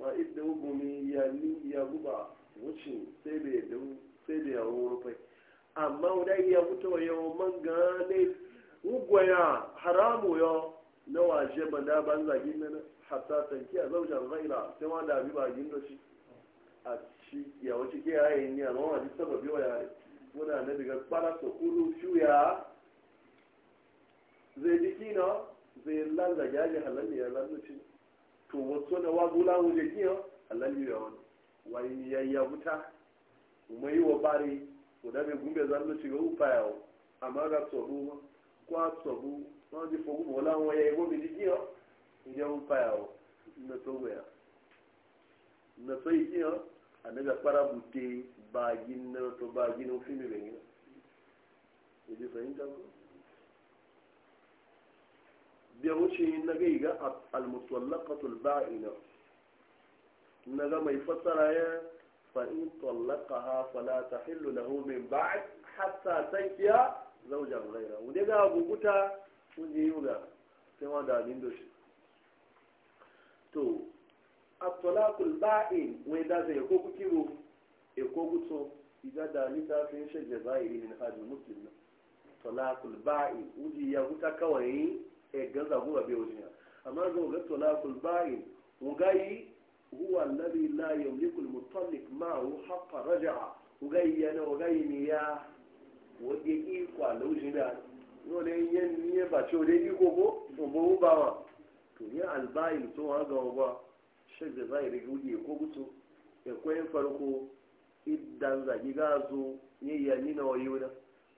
ma idda gumi iya ni iya guba wuce sai bai da sai da yawo rufai amma wudai ya guta wa yawo man ga ne ugwaya haramu yo na waje banda ban zagi mana hatta tanki a zaujar ghaira sai ma da bi ba gindo shi a shi ya wace ke yayi ni amma wani biyo wa yayi muna na daga fara so kulu shuya zai jiki na zai lalla yaji halalli ya lalla shi to wato na wa gula mu jiki ya halalli ya wani wai ya ya buta mai wa bari ko da be gumbe zallo shiga upa yawo amma ga tsoro ma kó àtọ̀bù wọ́n ti fogún bò láwọn ẹ̀yẹ ìwọ́n mi ti jí ọ́ ìjẹ́ ń pa ẹ̀ ọ́ ńlẹ̀ tó wẹ̀ ọ́ ńlẹ̀ tó yìí jí ọ́ àdéga kparabu dé báàgì náà tó báàgì a wuce naga iga almusallaqatu alba'ina naga mai fasara ya fa in tallaqaha fala tahillu lahu min ba'd hatta tankiya zauja ghaira wunde ga guguta yi yuga sai wanda min doshi to at-talaqul ba'in wai da zai ko kukiro e ko guto iga da lita sai shi jazairi min hadu muslim talaqul ba'in uji ya guta kawai e gaza guba be wujiya amma zo ga talaqul ba'in yi huwa alladhi la yamliku al-mutalliq ma'ahu haqqa raj'a wugayi yana ni ya wọ́n dé ikọ̀ àlóòjì náà wọ́n lè yẹ níyẹn bàtí òde ikọ̀ kó òbówó bá wọn tò ní àlùbáyìí tó wọn gan ọgbà ṣẹ̀ṣẹ̀ báyìí rẹ̀ kó kó kútu ẹ̀kọ́ yẹn farko ìdánzà gíga zo yẹ yẹ nínà ọ̀yẹ́ wọn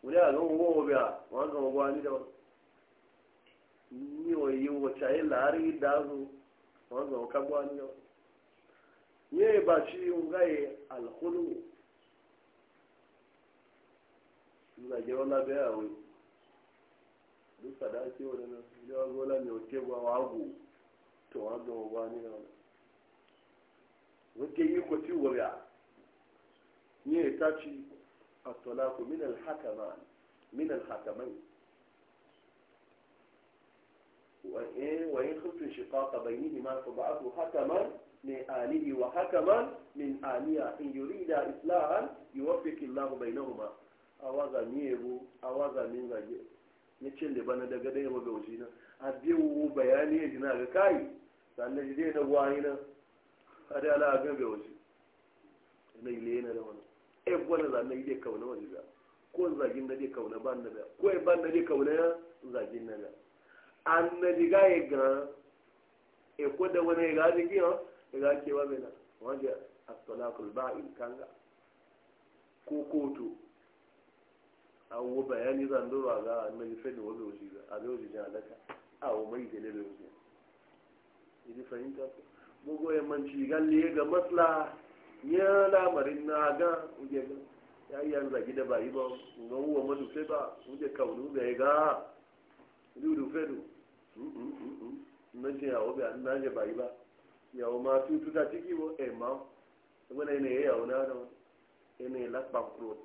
wọ́n lè àgbọn gan ọgbà nídà wọn ní ṣàyẹ̀ gan gbọ́ nídà wọn yẹ zage wala bai a wai duk fada ake wani nan yawa gola mai wake ba wago to wa ga wa ni na wake yi ko ciwo ya ni a taci at-talaqu min al min al-hakaman in wa in khiftu shiqaqa bainihima fa ba'athu hakaman awaza miyebu awaza mingaje ya ce da bana daga da yawa gauji na a biyu bayani ya jina ga kai sannan jide da wani na a da ala ga gaushi na ile yana da wani e wani zannan ide kauna wani ga ko zagin da dai kauna ban na da ko e ban na dai kauna ya zagin na da an na diga ya ga e ko da wani ya ga jiki ya ga kewa mai na wanda as-salakul ba'in kanga ko kotu awo bayani zan doro a ga annabi fadi wabe wuce ga a ga wuce jan alaka awo mai gele da wuce idi fahimta ko mugo ya manci galle ga masla ya lamarin na ga uje ga ya yi an zagi da bayi ba ga uwa madu fe ba uje kaunu ga ga dudu fedu mm, mm, mm, na je yawo bai na je bayi ba yawo ma tutu da ciki bo e ma wani ne ya yawo na da wani ne la pankro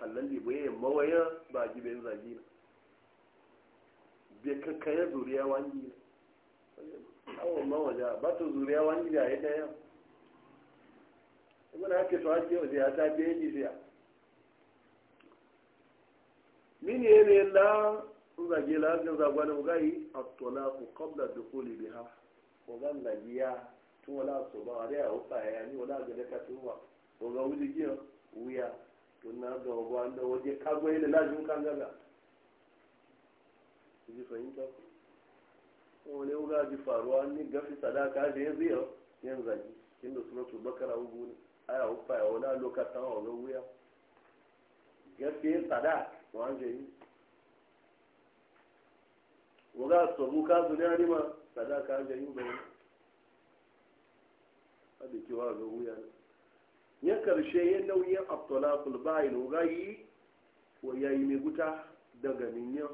halal ne bai mawaya ba bai zagi na bai kankaya zuriya wangi na awon mawaja ba to zuriya wangi da ya daya na haka to hake waje ya ta biye ni biya mini ya ne la zage la zan zagwa na bugai at-talaqu qabla dukhuli biha ko zan lagiya tun wala so ba da ya ufa ya ni wala ga da ka tuwa ko ga wuji giya wuya tun na ga wa waje kago da lajin kangaga gaga ji fahimta wani wuga ji faruwa ni gafi sadaka da ya ziyar yanzu zagi inda suratul bakara ugu ne a ufa ya wani lokacin a ga wuya gafi sadaka wanje yi wuga sabu ka su ne harima sadaka wanje yi bai a da kewa ga wuya ne ya karshe ya nauyin abtolakul bayin gayi wa ya yi mai guta daga ninyan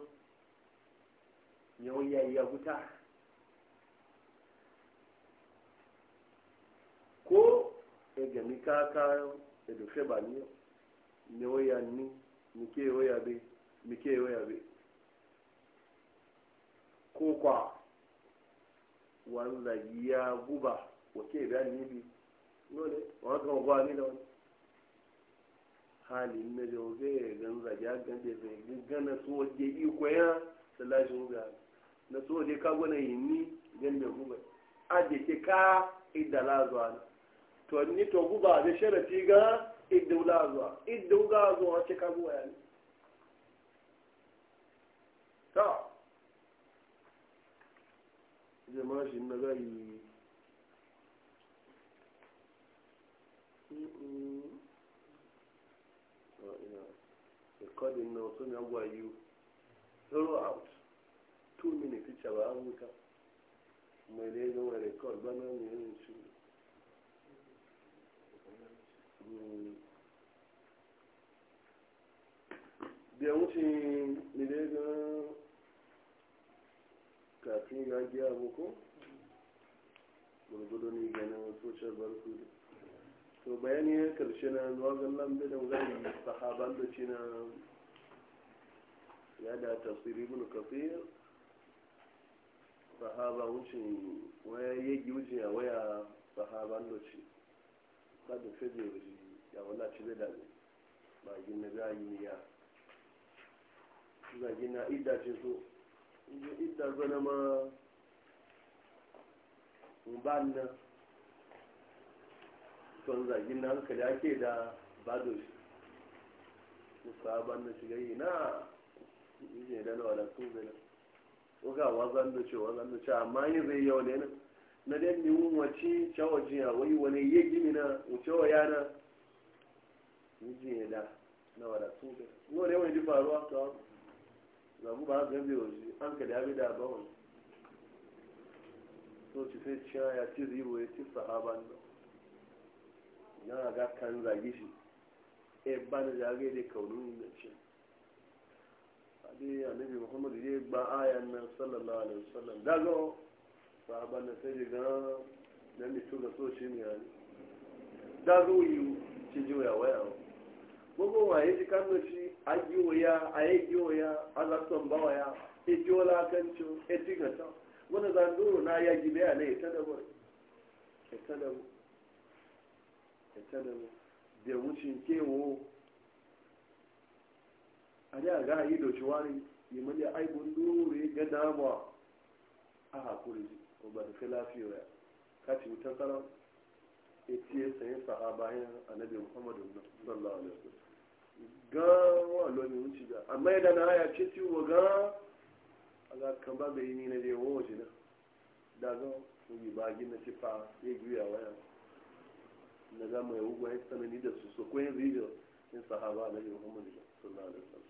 yawon yayi ya guta ko ya gami kaka ya dufe ba ni ne waya ni nike waya be nike waya be ko kwa wanda ya guba wake biya ni bi dole wa kan kwa ni da wani hali na da waje gan zage gan da zai gana su waje iko ya sallashi wuga na su waje ka gwana yi ni gan da guba a da ke ka idala zuwa na to ni to guba da sharafi ga idula zuwa idula zuwa ce ka guba ya ne ta jama'a shi na zai recording na wasu mai gwayo throw out two minutes ita ba an wuta mai da ya gama record bana mai yin shi da hmm. wuce mai ne ganin social barcode to bayani ya karshe na zuwa zallan bidan na ya da tafsiri ibn kafir sahaba wucin waya yegi wucin a waya sahaba loci kadin fede wuci ya wala ci da ne ba gina ni ya ga gina idda ce so idda zana ma ban nan son zagin na hankali ake da ba badoshi musa ban na shiga yi na ije da na wala su bela o ga wazan da ce wazan da ce amma yin zai yau ne nan na dan ni mun wace cewa jiya wai wani ya gimi na wuce wa yana ije da na wala su bela ngo ne wani ji faruwa to na mu ba ga zai an ka da bi da ba wani so ci sai ya ci ya ci sahaban na ga kan zagi shi e da ade annabi muhammadu ihe gba ayan ya sallallahu alaihi wasallam na na mitu ga so shi ji waya waya gbogbo wa yi kan no shi ayi waya ayi gi waya ji wala kan ci e ti ga na ya a da mu a da ga yi doci wani yi mali aibun dore ga dama a hakuri ko ba da lafiya ya kaci wutar sarar etiye sayin sa'a bayan annabi muhammadu sallallahu alaihi wasallam ga wa lo ni wuci ga amma idan na ya ce ti wa ga aga kan ba bai ni na je wo ji na da ga ku yi ba gi na ci fa ye gi waya na ga mai ugwa ya sanani da su so ko yin rijo in sahaba annabi muhammadu sallallahu alaihi wasallam